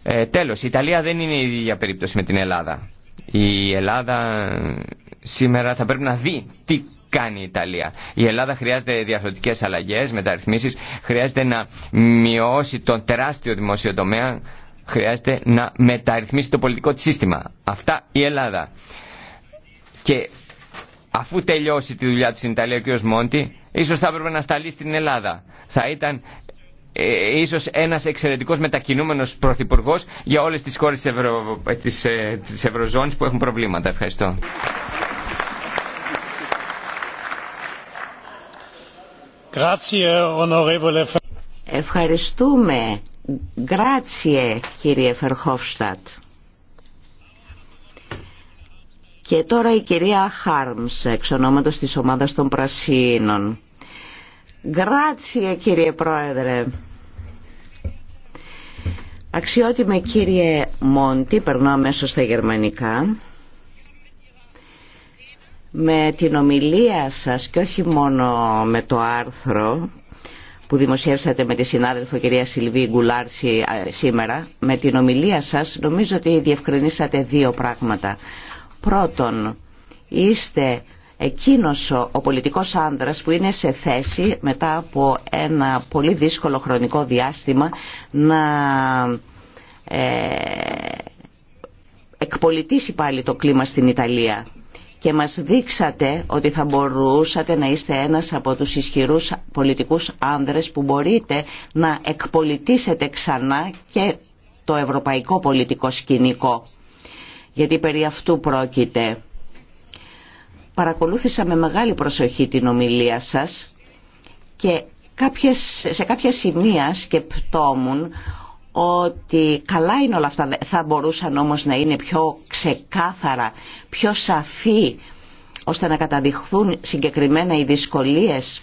Ε, τέλος, η Ιταλία δεν είναι η ίδια περίπτωση με την Ελλάδα. Η Ελλάδα ε, σήμερα θα πρέπει να δει τι κάνει η Ιταλία. Η Ελλάδα χρειάζεται διαφορετικέ αλλαγές, μεταρρυθμίσεις, χρειάζεται να μειώσει τον τεράστιο δημόσιο χρειάζεται να μεταρρυθμίσει το πολιτικό της σύστημα. Αυτά η Ελλάδα αφού τελειώσει τη δουλειά του στην Ιταλία ο κ. Μόντι, ίσως θα έπρεπε να σταλεί στην Ελλάδα. Θα ήταν ε, ίσως ένας εξαιρετικός μετακινούμενος πρωθυπουργός για όλες τις χώρες της, Ευρω... Ε, Ευρωζώνης που έχουν προβλήματα. Ευχαριστώ. Ευχαριστούμε. Γκράτσιε, κύριε Φερχόφστατ. Και τώρα η κυρία Χάρμς, εξ ονόματος της ομάδας των Πρασίνων. Γράτσια κύριε Πρόεδρε. Αξιότιμε κύριε Μόντι, περνώ αμέσως στα γερμανικά. Με την ομιλία σας και όχι μόνο με το άρθρο που δημοσιεύσατε με τη συνάδελφο κυρία Σιλβί Γκουλάρση σήμερα, με την ομιλία σας νομίζω ότι διευκρινίσατε δύο πράγματα. Πρώτον, είστε εκείνος ο πολιτικός άνδρας που είναι σε θέση μετά από ένα πολύ δύσκολο χρονικό διάστημα να ε, εκπολιτήσει πάλι το κλίμα στην Ιταλία και μας δείξατε ότι θα μπορούσατε να είστε ένας από τους ισχυρούς πολιτικούς άνδρες που μπορείτε να εκπολιτήσετε ξανά και το ευρωπαϊκό πολιτικό σκηνικό γιατί περί αυτού πρόκειται. Παρακολούθησα με μεγάλη προσοχή την ομιλία σας και κάποιες, σε κάποια σημεία σκεπτόμουν ότι καλά είναι όλα αυτά, θα μπορούσαν όμως να είναι πιο ξεκάθαρα, πιο σαφή, ώστε να καταδειχθούν συγκεκριμένα οι δυσκολίες.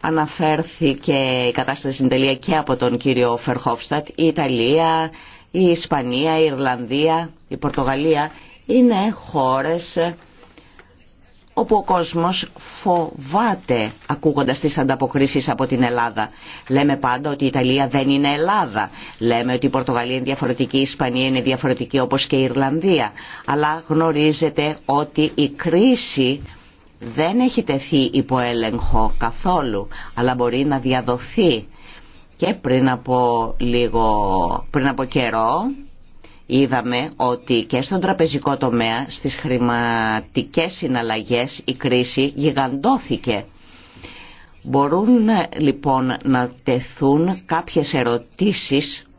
Αναφέρθηκε η κατάσταση στην τελεία και από τον κύριο Φερχόφστατ, η Ιταλία, η Ισπανία, η Ιρλανδία, η Πορτογαλία είναι χώρες όπου ο κόσμος φοβάται ακούγοντας τις ανταποκρίσεις από την Ελλάδα. Λέμε πάντα ότι η Ιταλία δεν είναι Ελλάδα. Λέμε ότι η Πορτογαλία είναι διαφορετική, η Ισπανία είναι διαφορετική όπως και η Ιρλανδία. Αλλά γνωρίζετε ότι η κρίση δεν έχει τεθεί υπό έλεγχο καθόλου, αλλά μπορεί να διαδοθεί και πριν από, λίγο, πριν από καιρό είδαμε ότι και στον τραπεζικό τομέα στις χρηματικές συναλλαγές η κρίση γιγαντώθηκε. Μπορούν λοιπόν να τεθούν κάποιες ερωτήσεις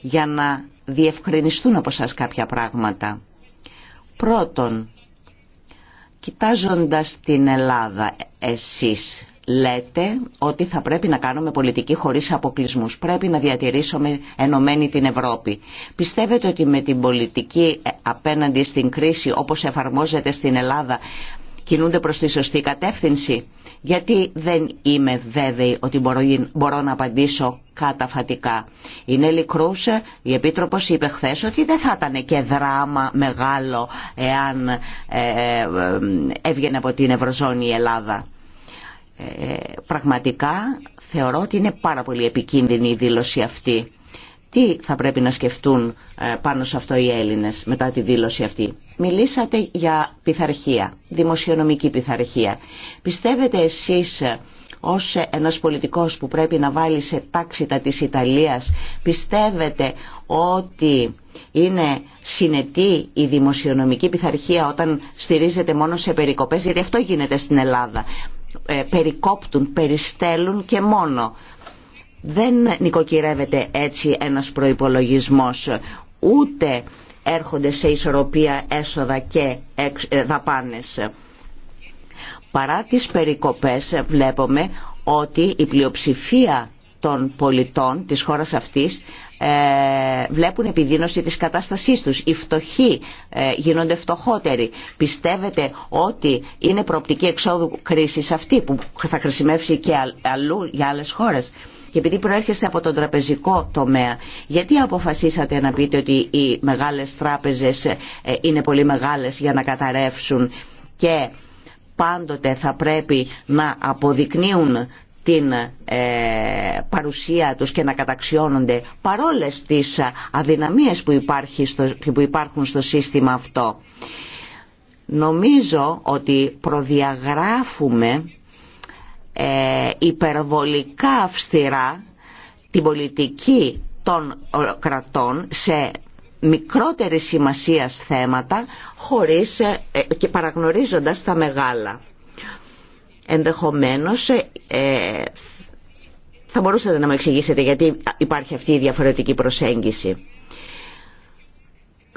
για να διευκρινιστούν από σας κάποια πράγματα. Πρώτον, κοιτάζοντας την Ελλάδα εσείς λέτε ότι θα πρέπει να κάνουμε πολιτική χωρίς αποκλεισμούς. Πρέπει να διατηρήσουμε ενωμένη την Ευρώπη. Πιστεύετε ότι με την πολιτική απέναντι στην κρίση όπως εφαρμόζεται στην Ελλάδα κινούνται προς τη σωστή κατεύθυνση. Γιατί δεν είμαι βέβαιη ότι μπορώ, να απαντήσω καταφατικά. Η Νέλη Κρούσε, η Επίτροπος, είπε χθε ότι δεν θα ήταν και δράμα μεγάλο εάν ε, ε, ε, έβγαινε από την Ευρωζώνη η Ελλάδα πραγματικά θεωρώ ότι είναι πάρα πολύ επικίνδυνη η δήλωση αυτή. Τι θα πρέπει να σκεφτούν ε, πάνω σε αυτό οι Έλληνες μετά τη δήλωση αυτή. Μιλήσατε για πειθαρχία, δημοσιονομική πειθαρχία. Πιστεύετε εσείς ε, ως ένας πολιτικός που πρέπει να βάλει σε τα της Ιταλίας, πιστεύετε ότι είναι συνετή η δημοσιονομική πειθαρχία όταν στηρίζεται μόνο σε περικοπές, γιατί αυτό γίνεται στην Ελλάδα. Ε, περικόπτουν, περιστέλουν και μόνο. Δεν νοικοκυρεύεται έτσι ένας προϋπολογισμός, ούτε έρχονται σε ισορροπία έσοδα και ε, δαπάνες. Παρά τις περικοπές βλέπουμε ότι η πλειοψηφία των πολιτών της χώρας αυτής ε, βλέπουν επιδείνωση της κατάστασής τους. Οι φτωχοί ε, γίνονται φτωχότεροι. Πιστεύετε ότι είναι προοπτική εξόδου κρίσης αυτή που θα χρησιμεύσει και αλλού για άλλες χώρες. Και επειδή προέρχεστε από τον τραπεζικό τομέα, γιατί αποφασίσατε να πείτε ότι οι μεγάλες τράπεζες ε, είναι πολύ μεγάλες για να καταρρεύσουν και πάντοτε θα πρέπει να αποδεικνύουν την ε, παρουσία τους και να καταξιώνονται παρόλες τις ε, αδυναμίες που, υπάρχει στο, υπάρχουν στο σύστημα αυτό. Νομίζω ότι προδιαγράφουμε ε, υπερβολικά αυστηρά την πολιτική των κρατών σε μικρότερη σημασία θέματα χωρίς, και παραγνωρίζοντας τα μεγάλα. Ενδεχομένως ε, ε, θα μπορούσατε να μου εξηγήσετε γιατί υπάρχει αυτή η διαφορετική προσέγγιση.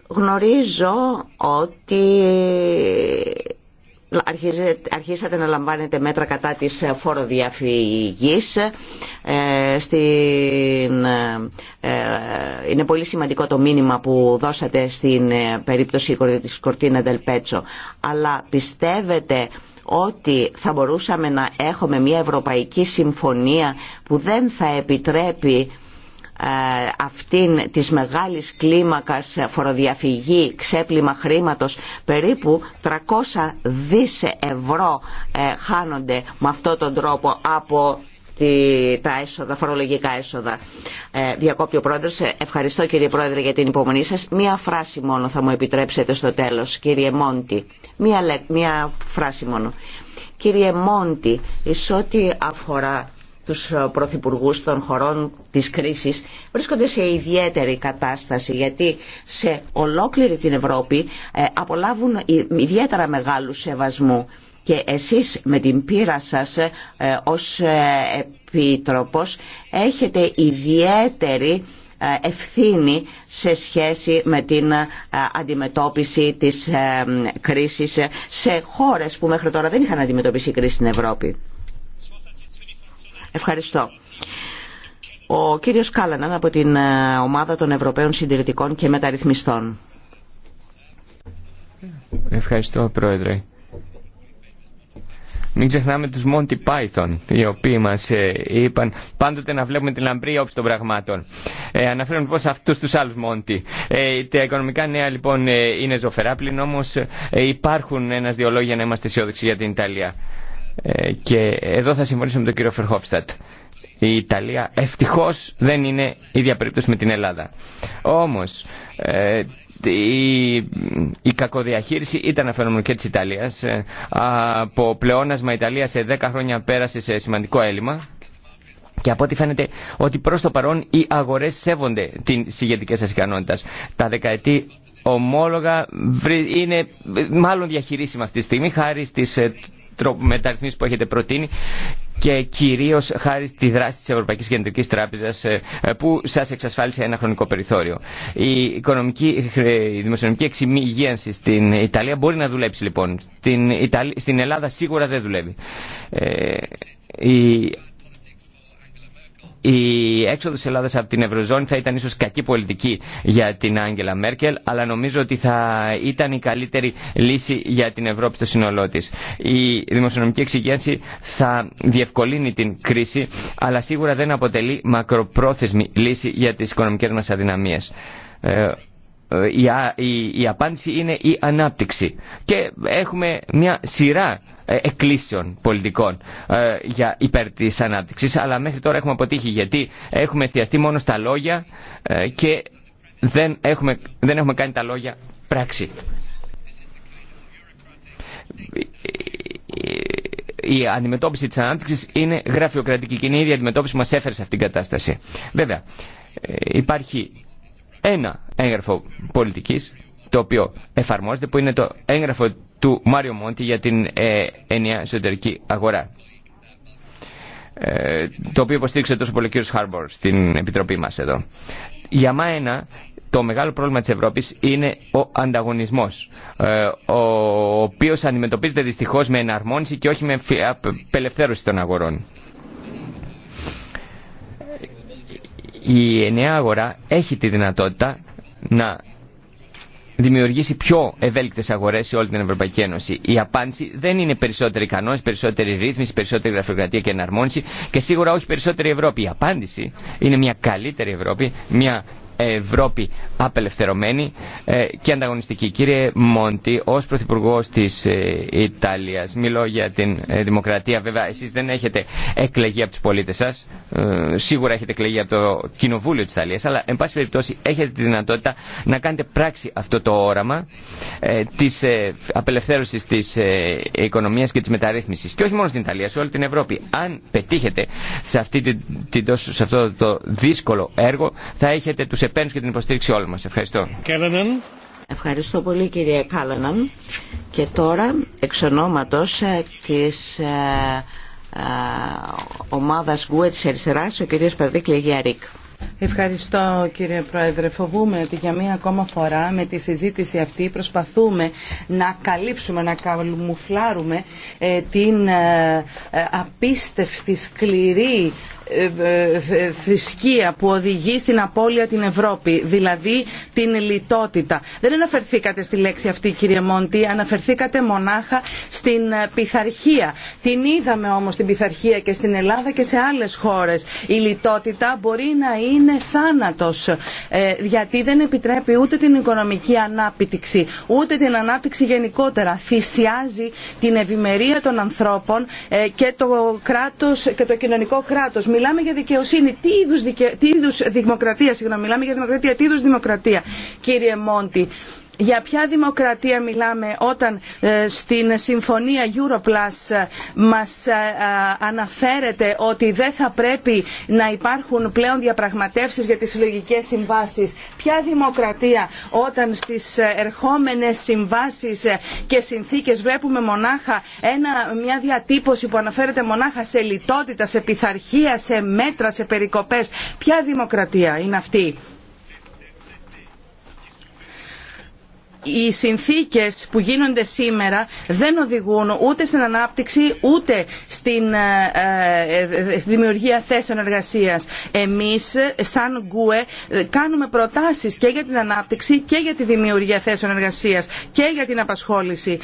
Γνωρίζω ότι ε, αρχίσατε να λαμβάνετε μέτρα κατά της φοροδιαφυγής. στην, είναι πολύ σημαντικό το μήνυμα που δώσατε στην περίπτωση της Κορτίνα Δελπέτσο. Αλλά πιστεύετε ότι θα μπορούσαμε να έχουμε μια ευρωπαϊκή συμφωνία που δεν θα επιτρέπει ε, αυτήν της μεγάλης κλίμακας φοροδιαφυγή, ξέπλυμα χρήματος περίπου 300 δις ευρώ ε, χάνονται με αυτόν τον τρόπο από τα έσοδα, φορολογικά έσοδα. Ε, διακόπτει ο ε, Ευχαριστώ κύριε Πρόεδρε για την υπομονή σας. Μία φράση μόνο θα μου επιτρέψετε στο τέλος, κύριε Μόντι. Μία, μία φράση μόνο. Κύριε Μόντι, εις ό,τι αφορά τους πρωθυπουργούς των χωρών της κρίσης βρίσκονται σε ιδιαίτερη κατάσταση γιατί σε ολόκληρη την Ευρώπη ε, απολάβουν ιδιαίτερα μεγάλου σεβασμού και εσείς με την πείρα σας ε, ως ε, Επίτροπος έχετε ιδιαίτερη ε, ευθύνη σε σχέση με την αντιμετώπιση της κρίσης σε χώρες που μέχρι τώρα δεν είχαν αντιμετωπίσει κρίση στην Ευρώπη. Ευχαριστώ. Ο κύριος Κάλαναν από την ομάδα των Ευρωπαίων Συντηρητικών και Μεταρρυθμιστών. Ευχαριστώ, Πρόεδρε. Μην ξεχνάμε τους Monty Python, οι οποίοι μας ε, είπαν πάντοτε να βλέπουμε την λαμπρή όψη των πραγμάτων. Ε, αναφέρουν λοιπόν σε αυτούς τους άλλους Monty. Ε, τα οικονομικά νέα λοιπόν ε, είναι ζωφερά, πλην όμως ε, υπάρχουν ένας δυο λόγια να είμαστε αισιόδοξοι για την Ιταλία. Ε, και εδώ θα συμφωνήσω με τον κύριο Φερχόφστατ. Η Ιταλία ευτυχώς δεν είναι ίδια περίπτωση με την Ελλάδα. Όμως, η, η κακοδιαχείριση ήταν ένα φαινόμενο και της Ιταλίας. Ε, από πλεόνασμα Ιταλία σε 10 χρόνια πέρασε σε σημαντικό έλλειμμα. Και από ό,τι φαίνεται ότι προς το παρόν οι αγορές σέβονται τις ηγετικές σας Τα δεκαετή ομόλογα είναι μάλλον διαχειρίσιμα αυτή τη στιγμή χάρη στις ε, μεταρρυθμίσεις που έχετε προτείνει και κυρίως χάρη στη δράση της Ευρωπαϊκής Κεντρικής Τράπεζας ε, ε, που σας εξασφάλισε ένα χρονικό περιθώριο. Η, οικονομική, η δημοσιονομική εξυγίανση στην Ιταλία μπορεί να δουλέψει λοιπόν. Στην, στην Ελλάδα σίγουρα δεν δουλεύει. Ε, η η έξοδο τη Ελλάδα από την Ευρωζώνη θα ήταν ίσω κακή πολιτική για την Άγγελα Μέρκελ, αλλά νομίζω ότι θα ήταν η καλύτερη λύση για την Ευρώπη στο σύνολό τη. Η δημοσιονομική εξυγένση θα διευκολύνει την κρίση, αλλά σίγουρα δεν αποτελεί μακροπρόθεσμη λύση για τι οικονομικέ μα αδυναμίε. Ε, ε, η, η απάντηση είναι η ανάπτυξη. Και έχουμε μια σειρά ε, εκκλήσεων πολιτικών ε, για υπέρ τη ανάπτυξης αλλά μέχρι τώρα έχουμε αποτύχει γιατί έχουμε εστιαστεί μόνο στα λόγια ε, και δεν έχουμε, δεν έχουμε κάνει τα λόγια πράξη. Η αντιμετώπιση της ανάπτυξης είναι γραφειοκρατική και είναι η ίδια αντιμετώπιση που μας έφερε σε αυτήν την κατάσταση. Βέβαια, υπάρχει ένα έγγραφο πολιτικής το οποίο εφαρμόζεται που είναι το έγγραφο του Μάριο Μόντι για την ε, ενιαία εσωτερική αγορά ε, το οποίο υποστήριξε τόσο πολύ ο κ. Χάρμπορ στην επιτροπή μα εδώ. Για μένα το μεγάλο πρόβλημα τη Ευρώπη είναι ο ανταγωνισμός, ε, ο οποίο αντιμετωπίζεται δυστυχώ με εναρμόνιση και όχι με απελευθέρωση των αγορών. Η ενιαία αγορά έχει τη δυνατότητα να δημιουργήσει πιο ευέλικτε αγορές σε όλη την Ευρωπαϊκή Ένωση. Η απάντηση δεν είναι περισσότεροι κανόνες, περισσότερη ρύθμιση, περισσότερη γραφειοκρατία και εναρμόνιση και σίγουρα όχι περισσότερη Ευρώπη. Η απάντηση είναι μια καλύτερη Ευρώπη, μια Ευρώπη απελευθερωμένη ε, και ανταγωνιστική. Κύριε Μόντι, ω Πρωθυπουργό τη ε, Ιταλία, μιλώ για την ε, δημοκρατία. Βέβαια, εσεί δεν έχετε εκλεγεί από του πολίτε σα. Σίγουρα έχετε εκλεγεί από το Κοινοβούλιο τη Ιταλία. Αλλά, εν πάση περιπτώσει, έχετε τη δυνατότητα να κάνετε πράξη αυτό το όραμα τη απελευθέρωση τη οικονομία και τη μεταρρύθμιση. Και όχι μόνο στην Ιταλία, σε όλη την Ευρώπη. Αν πετύχετε σε, αυτή την, σε αυτό το δύσκολο έργο, θα έχετε του εξεπένους και την υποστήριξη όλων μας. Ευχαριστώ. Ευχαριστώ πολύ κύριε Κάλλαναν Και τώρα εξ ονόματος ε, της ε, ε, ομάδας Γκουε της Αριστεράς ο κύριος Παδίκλη Γιαρίκ. Ευχαριστώ κύριε Πρόεδρε. Φοβούμαι ότι για μία ακόμα φορά με τη συζήτηση αυτή προσπαθούμε να καλύψουμε, να καλουμουφλάρουμε ε, την ε, απίστευτη σκληρή θρησκεία που οδηγεί στην απώλεια την Ευρώπη, δηλαδή την λιτότητα. Δεν αναφερθήκατε στη λέξη αυτή κύριε Μόντι, αναφερθήκατε μονάχα στην πειθαρχία. Την είδαμε όμως την πειθαρχία και στην Ελλάδα και σε άλλες χώρες. Η λιτότητα μπορεί να είναι θάνατος, ε, γιατί δεν επιτρέπει ούτε την οικονομική ανάπτυξη, ούτε την ανάπτυξη γενικότερα. Θυσιάζει την ευημερία των ανθρώπων ε, και το, κράτος, και το κοινωνικό κράτος μιλάμε για δικαιοσύνη. Τι είδους, δικαι... δημοκρατία, συγγνώμη, μιλάμε για δημοκρατία, τι είδους δημοκρατία, κύριε Μόντι για ποια δημοκρατία μιλάμε όταν ε, στην συμφωνία Europlus ε, μας ε, αναφέρεται ότι δεν θα πρέπει να υπάρχουν πλέον διαπραγματεύσεις για τις συλλογικέ συμβάσεις. Ποια δημοκρατία όταν στις ερχόμενες συμβάσεις και συνθήκες βλέπουμε μονάχα ένα, μια διατύπωση που αναφέρεται μονάχα σε λιτότητα, σε πειθαρχία, σε μέτρα, σε περικοπές. Ποια δημοκρατία είναι αυτή. οι συνθήκες που γίνονται σήμερα δεν οδηγούν ούτε στην ανάπτυξη ούτε στην ε, ε, δημιουργία θέσεων εργασίας. Εμείς σαν ΓΚΟΕ κάνουμε προτάσεις και για την ανάπτυξη και για τη δημιουργία θέσεων εργασίας και για την απασχόληση.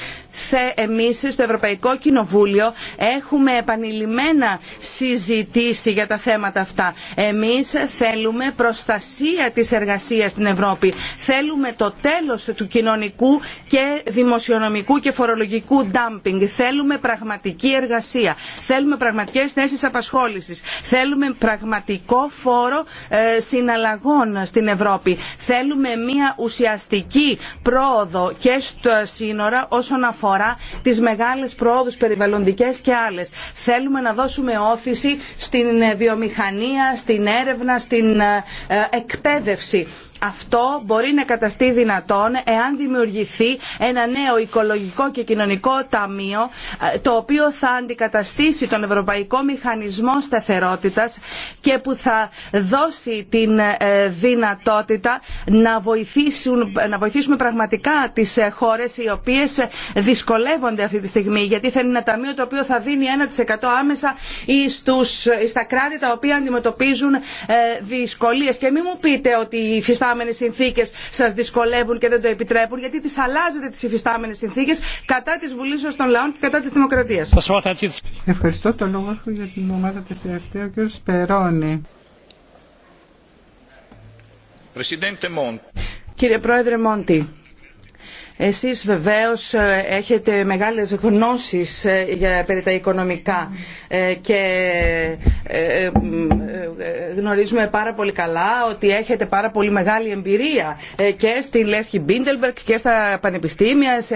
Εμείς στο Ευρωπαϊκό Κοινοβούλιο έχουμε επανειλημμένα συζητήσει για τα θέματα αυτά. Εμείς θέλουμε προστασία της εργασία στην Ευρώπη. Θέλουμε το τέλος του κοινοβουλίου κοινωνικού και δημοσιονομικού και φορολογικού ντάμπινγκ. Θέλουμε πραγματική εργασία. Θέλουμε πραγματικές θέσεις απασχόλησης. Θέλουμε πραγματικό φόρο ε, συναλλαγών στην Ευρώπη. Θέλουμε μια ουσιαστική πρόοδο και στο σύνορα όσον αφορά τις μεγάλες πρόοδους περιβαλλοντικές και άλλες. Θέλουμε να δώσουμε όθηση στην ε, βιομηχανία, στην έρευνα, στην ε, εκπαίδευση αυτό μπορεί να καταστεί δυνατόν εάν δημιουργηθεί ένα νέο οικολογικό και κοινωνικό ταμείο ε, το οποίο θα αντικαταστήσει τον ευρωπαϊκό μηχανισμό σταθερότητας και που θα δώσει την ε, δυνατότητα να, βοηθήσουν, βοηθήσουμε πραγματικά τις ε, χώρες οι οποίες δυσκολεύονται αυτή τη στιγμή γιατί θα είναι ένα ταμείο το οποίο θα δίνει 1% άμεσα στα κράτη τα οποία αντιμετωπίζουν δυσκολίες και μην μου πείτε ότι υφιστάμενες συνθήκες σας δυσκολεύουν και δεν το επιτρέπουν, γιατί τις αλλάζετε τις υφιστάμενες συνθήκες κατά της βουλήσεως των λαών και κατά της δημοκρατίας. Ευχαριστώ. τον λόγο για την ομάδα τελευταία, ο κ. Σπερώνη. Κύριε Πρόεδρε Μόντι, εσείς βεβαίως ε, έχετε μεγάλες γνώσεις ε, για, περί τα οικονομικά ε, και γνωρίζουμε πάρα πολύ καλά ότι έχετε πάρα πολύ μεγάλη εμπειρία και στη Λέσχη Μπίντελμπερκ και στα πανεπιστήμια, σε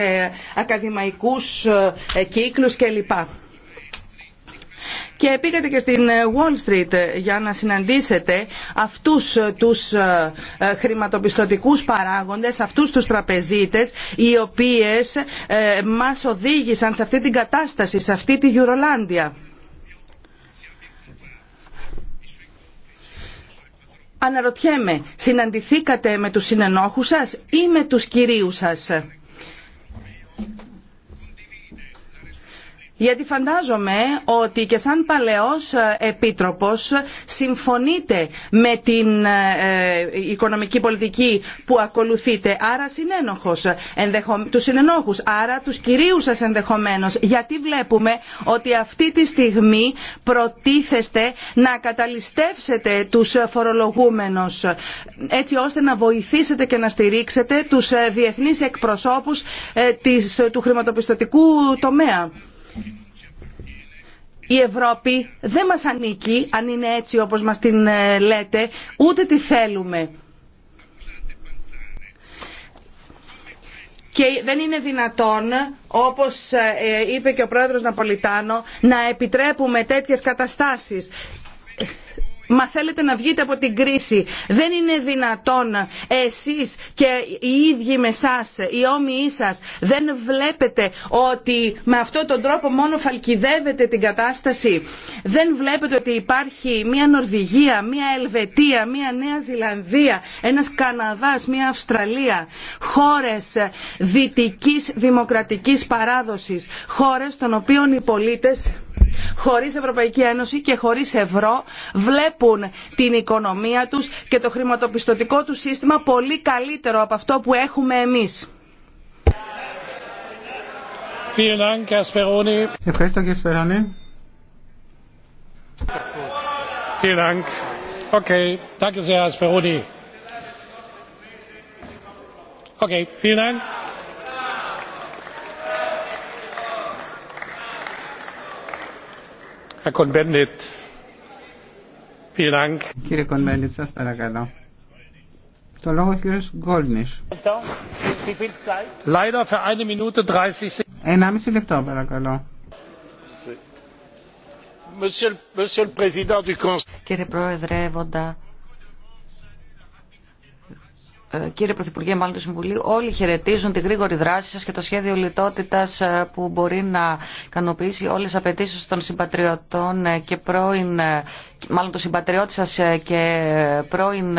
ακαδημαϊκούς κύκλους κλπ και πήγατε και στην ε, Wall Street ε, για να συναντήσετε αυτούς ε, τους χρηματοπιστωτικούς παράγοντες, αυτούς τους τραπεζίτες οι οποίες μας οδήγησαν σε αυτή την κατάσταση, σε αυτή τη Γιουρολάνδια. Αναρωτιέμαι, συναντηθήκατε με τους συνενόχους σας ή με τους κυρίους σας γιατί φαντάζομαι ότι και σαν παλαιός ε, επίτροπος συμφωνείτε με την ε, ε, οικονομική πολιτική που ακολουθείτε, άρα συνένοχος, ενδεχο... τους συνενόχους, άρα τους κυρίους σας ενδεχομένως, γιατί βλέπουμε ότι αυτή τη στιγμή προτίθεστε να καταλυστεύσετε τους φορολογούμενους, έτσι ώστε να βοηθήσετε και να στηρίξετε τους διεθνείς εκπροσώπους του χρηματοπιστωτικού τομέα η Ευρώπη δεν μας ανήκει, αν είναι έτσι όπως μας την ε, λέτε, ούτε τη θέλουμε. και δεν είναι δυνατόν όπως ε, ε, είπε και ο πρόεδρος Ναπολιτάνο να επιτρέπουμε τέτοιες καταστάσεις. Μα θέλετε να βγείτε από την κρίση. Δεν είναι δυνατόν εσείς και οι ίδιοι με εσά, οι όμοιοι σας, δεν βλέπετε ότι με αυτόν τον τρόπο μόνο φαλκιδεύετε την κατάσταση. Δεν βλέπετε ότι υπάρχει μια Νορβηγία, μια Ελβετία, μια Νέα Ζηλανδία, ένας Καναδάς, μια Αυστραλία. Χώρες δυτικής δημοκρατικής παράδοσης. Χώρες των οποίων οι πολίτες χωρίς Ευρωπαϊκή Ένωση και χωρίς ευρώ βλέπουν την οικονομία τους και το χρηματοπιστωτικό του σύστημα πολύ καλύτερο από αυτό που έχουμε εμείς. Ευχαριστώ κύριε Σφερόνη. Okay. Okay. herr cohn bendit Κύριε Κονμένιτ, σα παρακαλώ. Το λόγο ο Γκόλνης. μισή λεπτό παρακαλώ. Κύριε Πρόεδρε, Βοντα, ε, κύριε Πρωθυπουργέ, μάλλον το Συμβουλίου, όλοι χαιρετίζουν τη γρήγορη δράση σα και το σχέδιο λιτότητα ε, που μπορεί να ικανοποιήσει όλε τι απαιτήσει των συμπατριωτών ε, και πρώην, μάλλον του συμπατριώτη σα και πρώην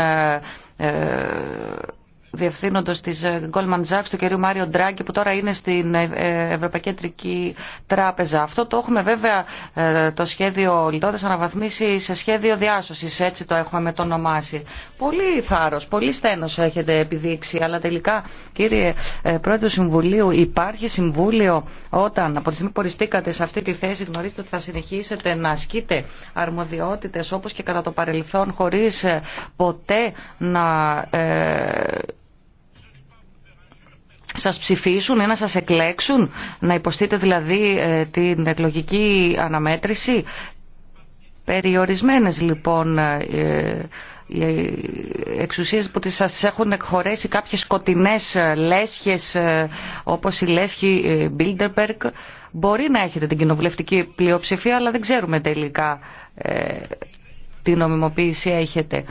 διευθύνοντο τη ε, Goldman Sachs, του κυρίου Μάριο Ντράγκη, που τώρα είναι στην ε, ε, Ευρωπαϊκή Κεντρική Τράπεζα. Αυτό το έχουμε βέβαια το σχέδιο λιτότητα αναβαθμίσει σε σχέδιο διάσωση. Έτσι το έχουμε μετονομάσει. Πολύ θάρρο, πολύ στένο έχετε επιδείξει, αλλά τελικά, κύριε Πρόεδρο Συμβουλίου, υπάρχει συμβούλιο όταν από τη στιγμή που σε αυτή τη θέση γνωρίζετε ότι θα συνεχίσετε να ασκείτε αρμοδιότητε όπω και κατά το παρελθόν, χωρί ποτέ να σας ψηφίσουν ή να σας εκλέξουν, να υποστείτε δηλαδή ε, την εκλογική αναμέτρηση. Περιορισμένες λοιπόν ε, ε, οι εξουσίες που σας έχουν εκχωρέσει κάποιες σκοτεινές λέσχες όπως η λέσχη Bilderberg μπορεί να έχετε την κοινοβουλευτική πλειοψηφία αλλά δεν ξέρουμε τελικά τι νομιμοποίηση έχετε.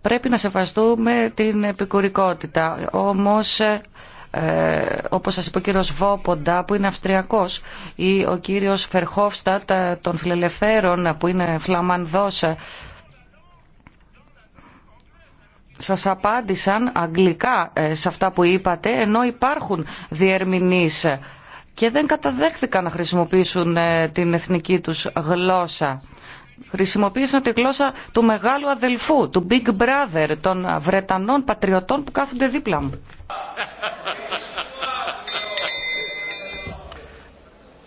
Πρέπει να σεβαστούμε την επικουρικότητα. Όμως ε, όπως σας είπε ο κύριος Βόποντα που είναι Αυστριακός ή ο κύριος Φερχόφστατ ε, των Φιλελευθέρων ε, που είναι Φλαμανδός ε, σας απάντησαν αγγλικά σε αυτά που είπατε ενώ υπάρχουν διερμηνείς και δεν καταδέχθηκαν να χρησιμοποιήσουν την εθνική τους γλώσσα. Χρησιμοποίησαν τη γλώσσα του μεγάλου αδελφού, του Big Brother, των Βρετανών πατριωτών που κάθονται δίπλα μου.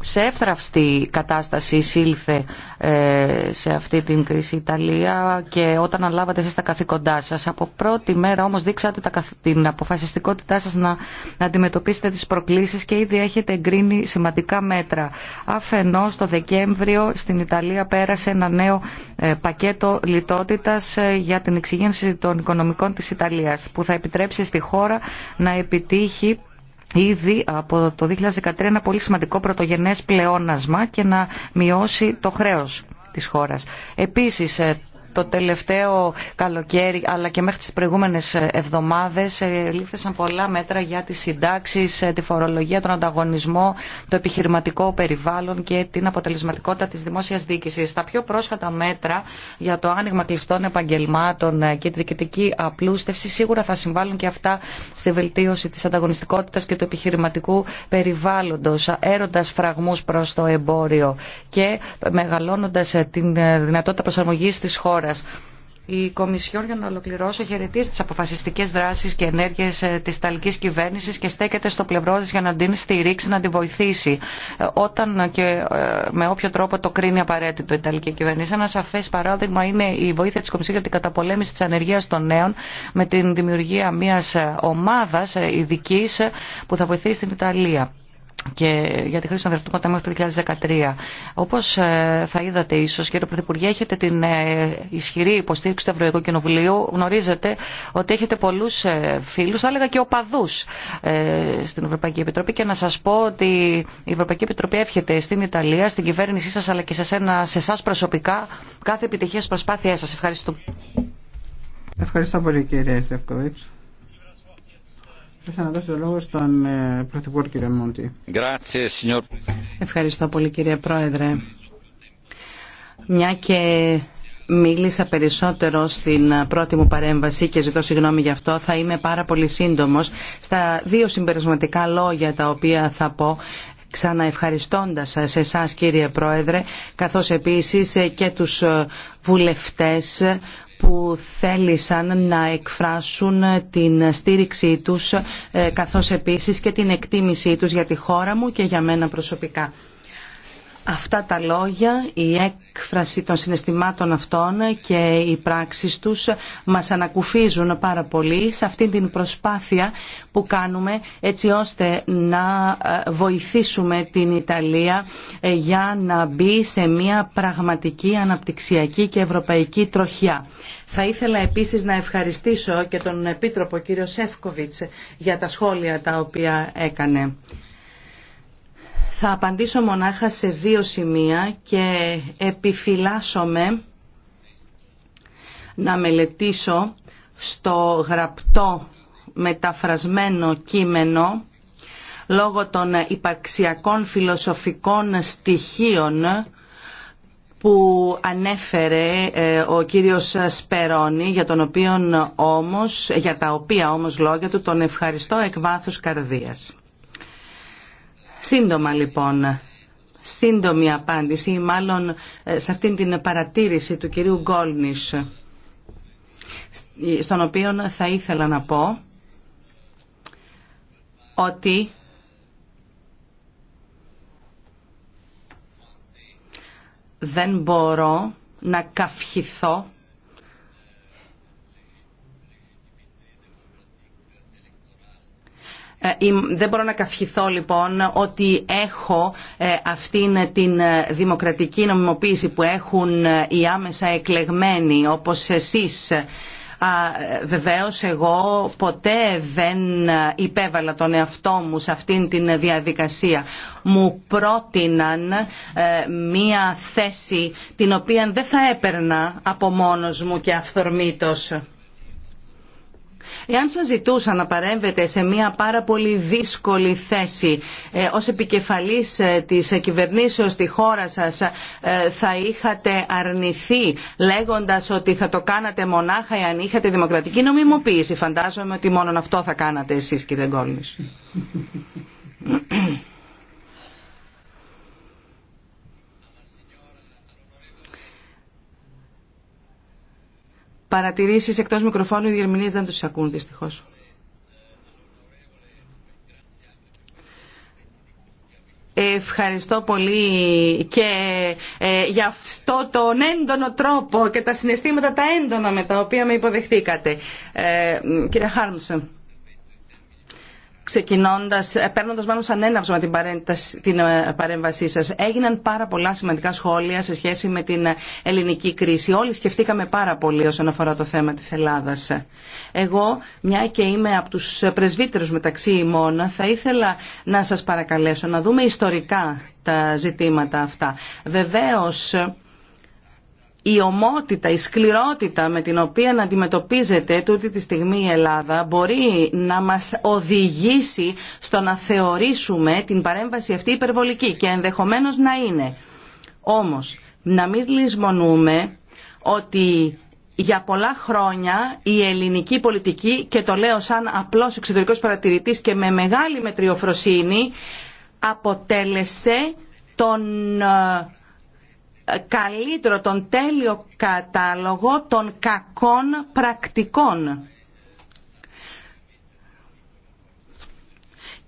σε εύθραυστη κατάσταση εισήλθε ε, σε αυτή την κρίση η Ιταλία και όταν αναλάβατε εσείς τα καθήκοντά σας. Από πρώτη μέρα όμως δείξατε την αποφασιστικότητά σας να, να αντιμετωπίσετε τις προκλήσεις και ήδη έχετε εγκρίνει σημαντικά μέτρα. Αφενός το Δεκέμβριο στην Ιταλία πέρασε ένα νέο ε, πακέτο λιτότητας ε, για την εξηγήνωση των οικονομικών της Ιταλίας που θα επιτρέψει στη χώρα να επιτύχει ήδη από το 2013 ένα πολύ σημαντικό πρωτογενές πλεόνασμα και να μειώσει το χρέος της χώρας. Επίσης ε, το τελευταίο καλοκαίρι αλλά και μέχρι τις προηγούμενες εβδομάδες ε, λήφθησαν πολλά μέτρα για τις συντάξεις, ε, τη φορολογία, τον ανταγωνισμό, το επιχειρηματικό περιβάλλον και την αποτελεσματικότητα της δημόσιας διοίκησης. Τα πιο πρόσφατα μέτρα για το άνοιγμα κλειστών επαγγελμάτων ε, και τη διοικητική απλούστευση σίγουρα θα συμβάλλουν και αυτά στη βελτίωση της ανταγωνιστικότητας και του επιχειρηματικού περιβάλλοντος, έροντας φραγμούς προς το εμπόριο και μεγαλώνοντας την δυνατότητα προσαρμογής της χώρας η Κομισιόν, για να ολοκληρώσω, χαιρετίζει τι αποφασιστικέ δράσει και ενέργειε ε, τη Ιταλική κυβέρνηση και στέκεται στο πλευρό τη για να την στηρίξει, να την βοηθήσει ε, όταν και ε, με όποιο τρόπο το κρίνει απαραίτητο η Ιταλική κυβέρνηση. Ένα σαφέ παράδειγμα είναι η βοήθεια τη Κομισιόν για την καταπολέμηση τη ανεργία των νέων με την δημιουργία μια ομάδα ειδική που θα βοηθήσει την Ιταλία και για τη χρήση των δραστηριοτήτων μέχρι το 2013. Όπω ε, θα είδατε ίσω, κύριε Πρωθυπουργέ, έχετε την ε, ισχυρή υποστήριξη του Ευρωπαϊκού Κοινοβουλίου. Γνωρίζετε ότι έχετε πολλού ε, φίλου, θα έλεγα και οπαδού στην Ευρωπαϊκή Επιτροπή. Και να σα πω ότι η Ευρωπαϊκή Επιτροπή εύχεται στην Ιταλία, στην κυβέρνησή σα, αλλά και σε, εσά προσωπικά, κάθε επιτυχία στι προσπάθειέ σα. Ευχαριστώ. Ευχαριστώ πολύ, κύριε Σεφκοβίτσου. Θα να δώσω λόγο στον ε, Πρωθυπουργό κ. Μόντι. Ευχαριστώ πολύ κύριε Πρόεδρε. Μια και μίλησα περισσότερο στην πρώτη μου παρέμβαση και ζητώ συγγνώμη γι' αυτό. Θα είμαι πάρα πολύ σύντομος στα δύο συμπερισματικά λόγια τα οποία θα πω ξαναευχαριστώντας σε εσά κύριε Πρόεδρε καθώς επίσης και τους βουλευτές που θέλησαν να εκφράσουν την στήριξή τους ε, καθώς επίσης και την εκτίμησή τους για τη χώρα μου και για μένα προσωπικά. Αυτά τα λόγια, η έκφραση των συναισθημάτων αυτών και οι πράξεις τους μας ανακουφίζουν πάρα πολύ σε αυτή την προσπάθεια που κάνουμε έτσι ώστε να ε, βοηθήσουμε την Ιταλία ε, για να μπει σε μια πραγματική αναπτυξιακή και ευρωπαϊκή τροχιά. Θα ήθελα επίσης να ευχαριστήσω και τον Επίτροπο κύριο Σεύκοβιτς για τα σχόλια τα οποία έκανε. Θα απαντήσω μονάχα σε δύο σημεία και επιφυλάσσομαι να μελετήσω στο γραπτό μεταφρασμένο κείμενο λόγω των υπαρξιακών φιλοσοφικών στοιχείων που ανέφερε ε, ο κύριος Σπερώνη, για, τον οποίον όμως, για τα οποία όμως λόγια του τον ευχαριστώ εκ βάθους καρδίας. Σύντομα λοιπόν, σύντομη απάντηση, μάλλον ε, σε αυτήν την παρατήρηση του κυρίου Γκόλνης, στον οποίο θα ήθελα να πω ότι δεν μπορώ να καυχηθώ Ε, δεν μπορώ να καυχηθώ λοιπόν ότι έχω ε, αυτήν την ε, δημοκρατική νομιμοποίηση που έχουν οι άμεσα εκλεγμένοι όπως εσείς. Βεβαίως εγώ ποτέ δεν υπέβαλα τον εαυτό μου σε αυτήν την διαδικασία. Μου πρότειναν μία θέση την οποία δεν θα έπαιρνα από μόνος μου και αυθορμήτως. Εάν σας ζητούσα να παρέμβετε σε μια πάρα πολύ δύσκολη θέση ε, ως επικεφαλής ε, της κυβερνήσεως στη χώρα σας ε, θα είχατε αρνηθεί λέγοντας ότι θα το κάνατε μονάχα εάν είχατε δημοκρατική νομιμοποίηση. Φαντάζομαι ότι μόνο αυτό θα κάνατε εσείς κύριε Γκόλνης. παρατηρήσεις εκτός μικροφώνου, οι διερμηνείς δεν τους ακούν δυστυχώς. Ευχαριστώ πολύ και ε, για αυτό τον έντονο τρόπο και τα συναισθήματα τα έντονα με τα οποία με υποδεχτήκατε. Ε, κύριε Χάρμσον ξεκινώντας, ε, παίρνοντας μάλλον σαν έναυσμα την, την ε, παρέμβασή σας. Έγιναν πάρα πολλά σημαντικά σχόλια σε σχέση με την ε, ελληνική κρίση. Όλοι σκεφτήκαμε πάρα πολύ όσον αφορά το θέμα της Ελλάδας. Εγώ, μια και είμαι από τους πρεσβύτερους μεταξύ ημών, θα ήθελα να σας παρακαλέσω να δούμε ιστορικά τα ζητήματα αυτά. Βεβαίως, η ομότητα, η σκληρότητα με την οποία να αντιμετωπίζεται τούτη τη στιγμή η Ελλάδα μπορεί να μας οδηγήσει στο να θεωρήσουμε την παρέμβαση αυτή υπερβολική και ενδεχομένως να είναι. Όμως, να μην λησμονούμε ότι για πολλά χρόνια η ελληνική πολιτική, και το λέω σαν απλός εξωτερικός παρατηρητής και με μεγάλη μετριοφροσύνη, αποτέλεσε τον ε, καλύτερο, τον τέλειο κατάλογο των κακών πρακτικών.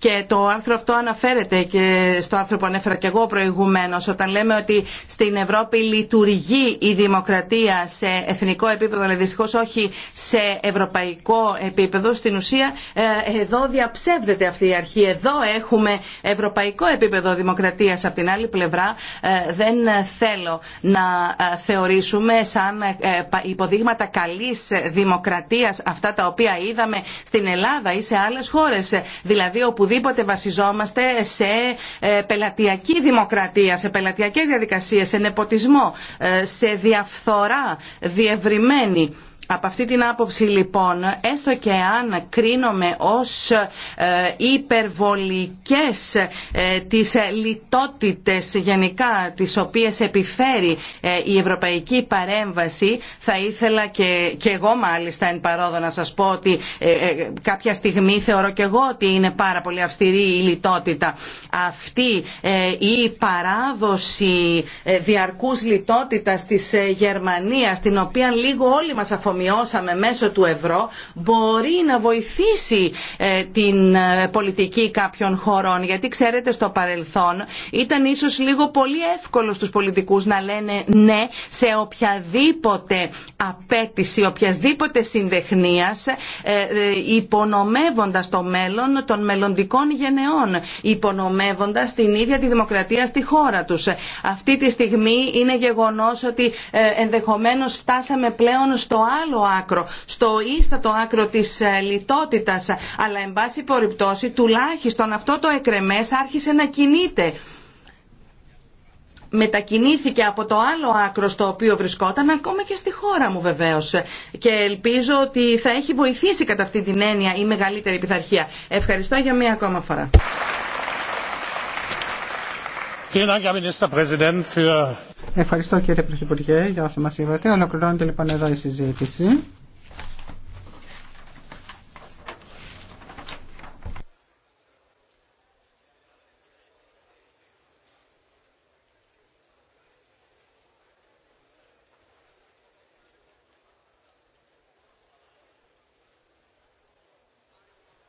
και το άρθρο αυτό αναφέρεται και στο άρθρο που ανέφερα και εγώ προηγουμένως όταν λέμε ότι στην Ευρώπη λειτουργεί η δημοκρατία σε εθνικό επίπεδο αλλά δυστυχώ όχι σε ευρωπαϊκό επίπεδο στην ουσία ε, εδώ διαψεύδεται αυτή η αρχή εδώ έχουμε ευρωπαϊκό επίπεδο δημοκρατίας από την άλλη πλευρά ε, δεν θέλω να ε, θεωρήσουμε σαν υποδείγματα καλή δημοκρατία αυτά τα οποία είδαμε στην Ελλάδα ή σε άλλε χώρε. δηλαδή οπωσδήποτε βασιζόμαστε σε ε, πελατειακή δημοκρατία, σε πελατειακές διαδικασίες, σε νεποτισμό, ε, σε διαφθορά διευρυμένη. Από αυτή την άποψη λοιπόν, έστω και αν κρίνομαι ως ε, υπερβολικές ε, τις λιτότητες γενικά τις οποίες επιφέρει ε, η ευρωπαϊκή παρέμβαση, θα ήθελα και, και εγώ μάλιστα εν παρόδο να σας πω ότι κάποια στιγμή θεωρώ και εγώ ότι είναι πάρα πολύ αυστηρή η λιτότητα. Αυτή η παράδοση διαρκούς λιτότητας της Γερμανίας, την οποία λίγο όλοι μας αφορούν, αφομοιώσαμε μέσω του ευρώ μπορεί να βοηθήσει ε, την ε, πολιτική κάποιων χωρών. Γιατί ξέρετε στο παρελθόν ήταν ίσως λίγο πολύ εύκολο στους πολιτικούς να λένε ναι σε οποιαδήποτε απέτηση, οποιασδήποτε συνδεχνίας ε, υπονομεύοντας το μέλλον των μελλοντικών γενεών, υπονομεύοντας την ίδια τη δημοκρατία στη χώρα τους. Αυτή τη στιγμή είναι γεγονός ότι ενδεχομένως φτάσαμε πλέον στο άλλο άκρο, στο ίστατο άκρο της ε, λιτότητας. Αλλά εν πάση περιπτώσει τουλάχιστον αυτό το εκρεμές άρχισε να κινείται μετακινήθηκε από το άλλο άκρο στο οποίο βρισκόταν, ακόμα και στη χώρα μου βεβαίω. Και ελπίζω ότι θα έχει βοηθήσει κατά αυτή την έννοια η μεγαλύτερη πειθαρχία. Ευχαριστώ για μία ακόμα φορά. Ευχαριστώ κύριε Πρωθυπουργέ για όσα μας είπατε. Ολοκληρώνεται λοιπόν εδώ η συζήτηση.